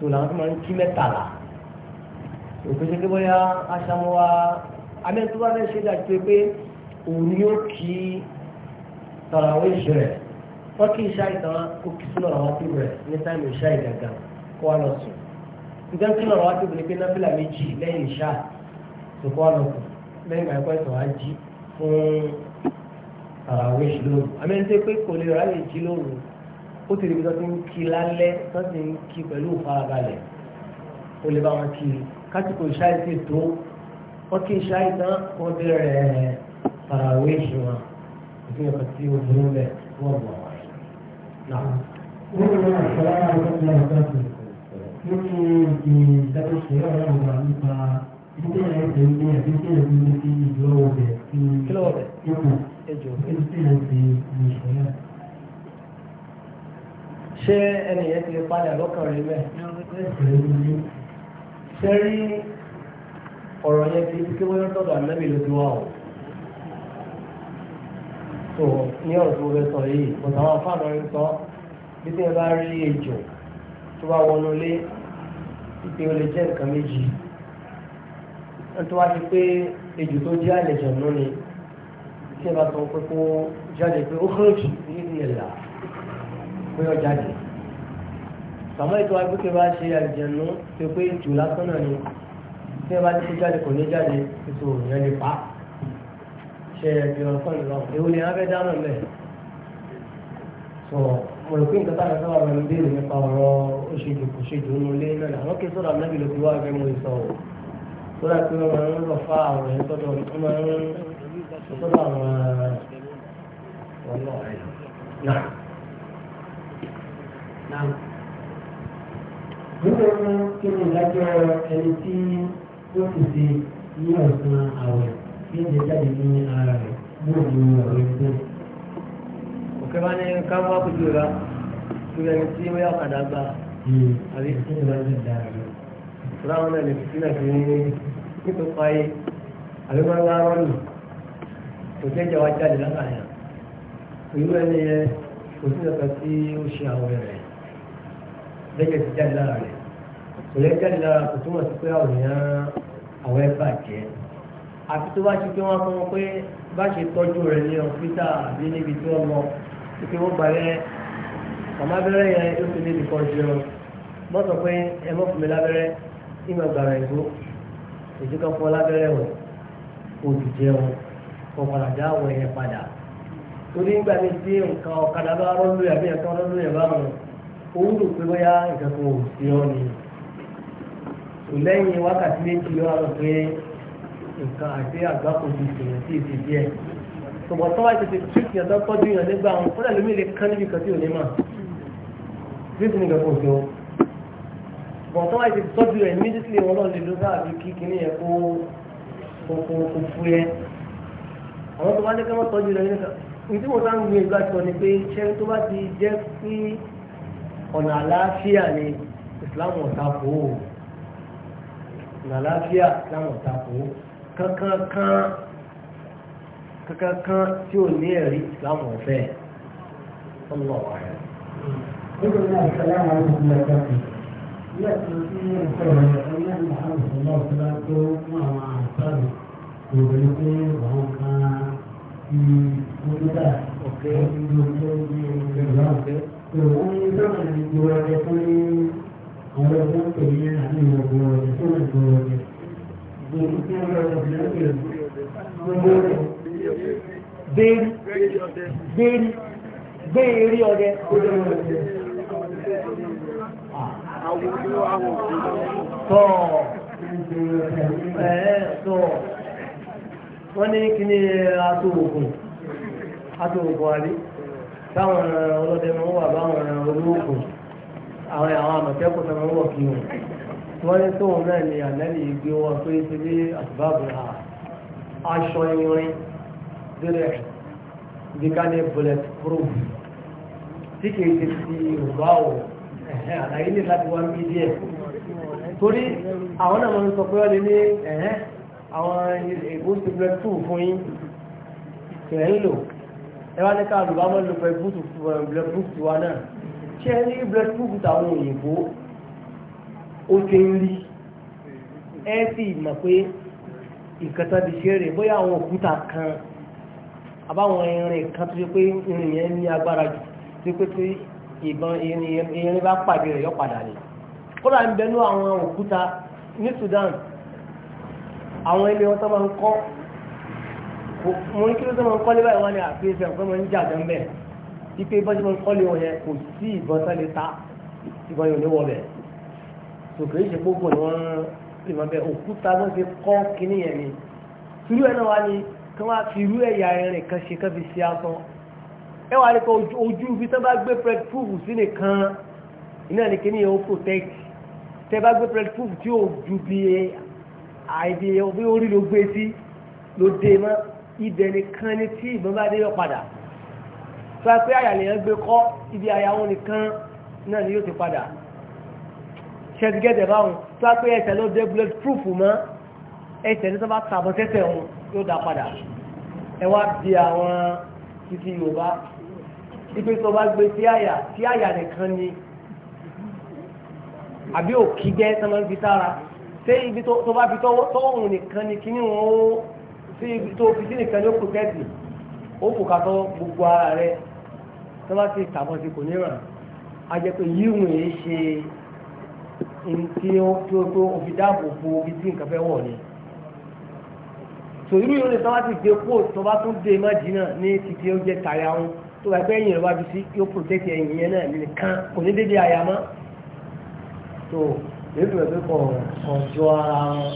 so làwọn tó máa ń kí mẹ́tàlá òkèjì pé bóyá aṣàmúwa amẹ́tọ́wá fẹ́ ṣe dájú pé òun yóò kí tọ̀ràwé ìṣẹ̀rẹ̀ wọ́n kí iṣẹ́ ìtàn kó kí sínú ọ̀rọ̀ wájú rẹ̀ ní táìmù iṣẹ́ ìdàgbà kó wá lọ sùn nígbà tí ọ̀rọ̀ wájú rẹ̀ pé náfìlà méjì lẹ́yìn ìṣá tó kó wá lọ sùn lẹ́yìn ìgbà ẹ̀kọ́ ìtàn wá jí fún tọ̀ràwé ìṣ ó ti rí ibi tó ti ń kí lálẹ́ tó ti ń kí pẹ̀lú ìfarabalẹ̀ ó lè bá wọn kí kásìkò ìṣáì sì tó wọ́n kí ìṣáì tán wọ́n bẹ̀rẹ̀ farawé ìṣúná òfin ọ̀kan tí ó burú bẹ̀ wọ́n bọ̀ wá. Nínú àṣàlá àwọn ọ̀gá nínú ìdájọ́ ọ̀rọ̀ wa nípa ìdílé ẹ̀sẹ̀ ilé ẹ̀bí tí èmi ní sí ìlú ọ̀bẹ̀ kí ipò ètò ìṣẹ̀lẹ̀ ìṣẹ̀lẹ̀ ṣé ẹni yẹn ti padà lọ́kàn rẹ̀ bẹ́ẹ̀ ṣe rí ọ̀rọ̀ yẹn ti kí wọ́n tọ́jú ànábì lójú wa o tó ní ọ̀rọ̀ tó fẹ́ sọ yìí bọ̀dọ̀ àwọn afáàlọ́ ń sọ bí tí wọ́n bá rí ejò tó bá wọnú lé ìpè olè jẹ́ nǹkan méjì wọ́n tó pé ejò tó jẹ́ àlejò náà ni tí wọ́n bá sọ pé kó jáde pé ó kúrò jù ní ìlà pé ọjà dé sàmọ́ ètò agbókè bá ṣe àlìjẹ̀nú tó pé jù lásán náà ni tí wọ́n bá ti kó jáde kò ní jáde ètò òyìn lè pa ṣe ìgbìmọ̀ kan lọ èwo ni wọ́n fẹ́ dáná lẹ̀ sọ mo rò pé nǹkan táwọn ẹgbẹ́ wa ń béèrè nípa ọ̀rọ̀ oṣèjì kò ṣèjì ó lé náà àwọn kí sọ̀rọ̀ àmì lè fi wá ẹgbẹ́ mo sọ ọ́ sọ́dọ̀ pé wọ́n máa ń lọ fa àwọn ẹ̀ sọ́dọ̀ àwọn ọ̀nà ọ̀nà náà. nígbà wọn kí ni ìdájọ́ ẹni tí ó ti ṣe ní ọ̀sán àwẹ̀ kí ni ìjáde ní ara rẹ̀ bó ni ọ̀rọ̀ ẹgbẹ́. òkè bá ní ká wá kojú ra kí ẹni tí ó yá padà gbà. àbí kí ni ìdájọ́ ìdára rẹ̀. ìdájọ́ náà lè fi sílẹ̀ sí nítorí ayé àbí wọn wá rọ́ọ̀nù kò jẹ́ ìjà jáde lára yẹn. ìlú ẹni yẹn kò sí ẹ̀ka tí ó ṣe àwọn ẹ̀rẹ̀ lẹ́jẹ̀ ti jáde lára rẹ̀ kò lẹ́jẹ̀ jáde lára kò túmọ̀ sí pé àwọn èèyàn àwọn ẹ̀ bàjẹ́ àfi tó bá ṣe pé wọ́n fún wọn pé bá ṣe tọ́jú rẹ̀ ní ọ̀fíìsà àbí níbi tí wọ́n lọ pé wọ́n gbàgbẹ́ àmọ́ abẹ́rẹ́ yẹn ló fi níbi kan jẹun wọ́n sọ pé ẹ mọ́ fún mi lábẹ́rẹ́ ìmọ̀ gbàrà ìgbó èdè kan fún ọ lábẹ́rẹ́ wọ̀ òdì jẹun kọ̀ọ̀kan àdá àwọ̀ ẹ̀yẹ padà torí nígbà mi tí nǹkan ọ̀kadà bá rọ́ọ̀lù yàgbé nǹkan rọ́ọ̀lù yàgbá wọn òun rò pé bóyá nǹkan kan ò sí ọ ni kò lẹ́yìn wákàtí méjì yóò rọ pé nǹkan àti àgbákò ti sèyàn sí èsì díẹ̀ ṣùgbọ́n tó wáyé tètè tírìkì yàtọ̀ tọ́jú yàn nígbà wọn kó dàbí mi lè kán níbi kan tí ò ní mà bí èsì nìkan kò sí o ṣùgbọ́n tó wáyé tètè tọ́jú yàn immediately wọn náà lè lọ sáà bí kí kíní yẹn kó kó kó fú yẹ àwọn tó bá ní kí wọ́n tọ́jú yàn nígbà tí mo sá ń gbé ìgbà sọ ni pé ṣẹ́ni tó bá ti jẹ́ sí ọ̀nà àlàáfíà ni islam ọ̀tá kò ó ọ̀nà àlàáfíà islam ọ̀tá kò ó kankankan kankankan tí ò ní ẹ̀rí islam ọ̀fẹ́ ọ̀nà ọ̀hẹ́. Nígbà náà, ìṣẹ̀lẹ̀ àwọn ọmọ ìlú ẹ̀dá kan. Ilé ẹ̀sìn tí ń sọ̀rọ̀ ẹ̀yẹ́ ní àwọn òun sábà ní gbogbo ọjọ́ fún àwọn ọjọ́ tó ní àbí gbogbo ọjọ́ tó ní gbogbo ọjọ́ gbogbo tí wọ́n lọ sí lókè gbogbo rẹ̀ béèrè béèrè ọdẹ àrí táwọn ọlọ́dẹ máa ń wà báwọn olóògùn àwọn àwọn àmọ̀tẹ́kùn tó máa ń wọ̀ kí wọn. wọ́n ní tóun náà ni ànẹ́lì gbé wọn pé ti bí àtìbáàbò ha aṣọ irin direct bí ká ní bullet proof tí kìí ṣe ti yorùbá o àlàyé ní láti wá bí díẹ̀ torí àwọn náà máa ń sọ pé wọ́n lè ní àwọn ìbò ti proof fún yín tẹ̀ ń lò ẹwà ní ká lùbá mọ́ lò pẹ̀lú eh, bloodproof tiwa náà ṣé ní bloodproof táwọn òyìnbó ó ti ń rí ẹ sì mọ̀ pé ìkẹta ti ṣe rè bóyá àwọn òkúta kan àbáwọn irin kan tó ṣe pé irin yẹn ní agbára jù tó pé tí ìbọn irin bá pàdé rẹ̀ yọ padà ni kódà ń bẹnu àwọn òkúta ní Sudan àwọn ilé wọn tó máa ń kọ́ mo ní kí ló tó máa ń kọ́lé báyìí wọ́n ní àfihàn pé mo ń jà jọ ń bẹ̀ ipe bọ́n ti máa ń kọ́lé wọn yẹn kò sí ìbọn sálẹ̀ ta ìbọn yóò ní wọ bẹ̀ tòkè ìṣe gbogbo ni wọ́n lè máa bẹ òkúta ló ti kọ́ kínní yẹn ni tùrú ẹ̀ náà wá ní kí wọ́n fi irú ẹ̀yà ẹ̀rìn kan ṣe kán fi ṣe aṣọ ẹ wà nípa ojú ibi tó bá gbé bread proof sí nìkan iná ní kíní yẹn protect tẹ bá gbé bread proof tí ò ju bí àìdí orí ló gbé sí ló dé mọ́ ibẹ̀ nìkan ni tí ìbọn bá dé yọ padà tó a pé àyà lèèyàn gbé kọ́ ibi àyà nìkan náà ni yóò ti padà ṣẹ́dígẹ́dẹ̀ báwọn tó a pé ẹsẹ̀ ló dé bullet proof mọ́ ẹsẹ̀ ní sábà tàbọ̀ tẹ́tẹ̀ wọn yóò dá padà ẹ wá bí àwọn títí Yorùbá ibi tó bá gbé sí àyà sí àyà nìkan ni àbí òkì jẹ́ sọmọ ibi tára ṣé ibi tó bá fi tọwọ́ òun nìkan ni kíní wọn ó sí ibi tó fi sí nìkan ní ó protẹ́tì ó fòkà tọ́ gbogbo ara rẹ tó bá ti tàbọ̀ sí kò ní ràn á jẹ́ pé yíwùn èé ṣe tí ó tó tó òfin dáàbò bo ibi tí nǹkan fẹ́ wọ̀ ni tòyúrú yìí ó lè tọ́ bá ti dé kó tó bá tún dé má jìnnà ní ti ó jẹ́ tàyà ń tó bá gbé ẹ̀yìn rẹ̀ wájú sí yóò protect ẹ̀yìn yẹn náà nìkan kò ní dédé àyà mọ́ tó lébùrẹ̀ pé kọ̀ ọ̀jọ́ ara wọn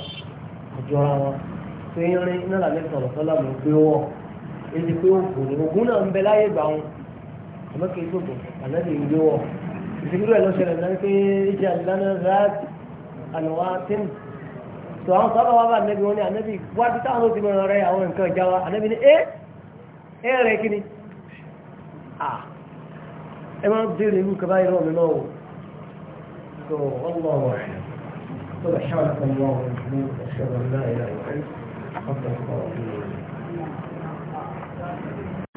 ọ̀jọ́ ara wọn pínrín iná làbẹ́ sọ̀rọ̀ sọ́lá mo gbé wọ̀ èdè pé ògùn ògùn náà ń bẹ láyé ìgbà wọn àmọ́ kì í sọ̀gùn ànábì ń gbé wọ̀ ìfikúrú ẹ̀ lọ́sẹ̀rẹ̀ náà pé ìjà ìlànà rad ànàwà tíń tó àwọn sábà wà bá ànábì wọn ni ànábì wá bí táwọn ti mọ̀ràn rẹ àwọn nǹkan ìjà wa ànábì ni ẹ ẹ rẹ kí ni ẹ máa ń béèrè irú kaba irọ́ mi náà o tó wọ́n lọ́wọ́ rẹ̀ tó lọ́ ọ̀pọ̀lọpọ̀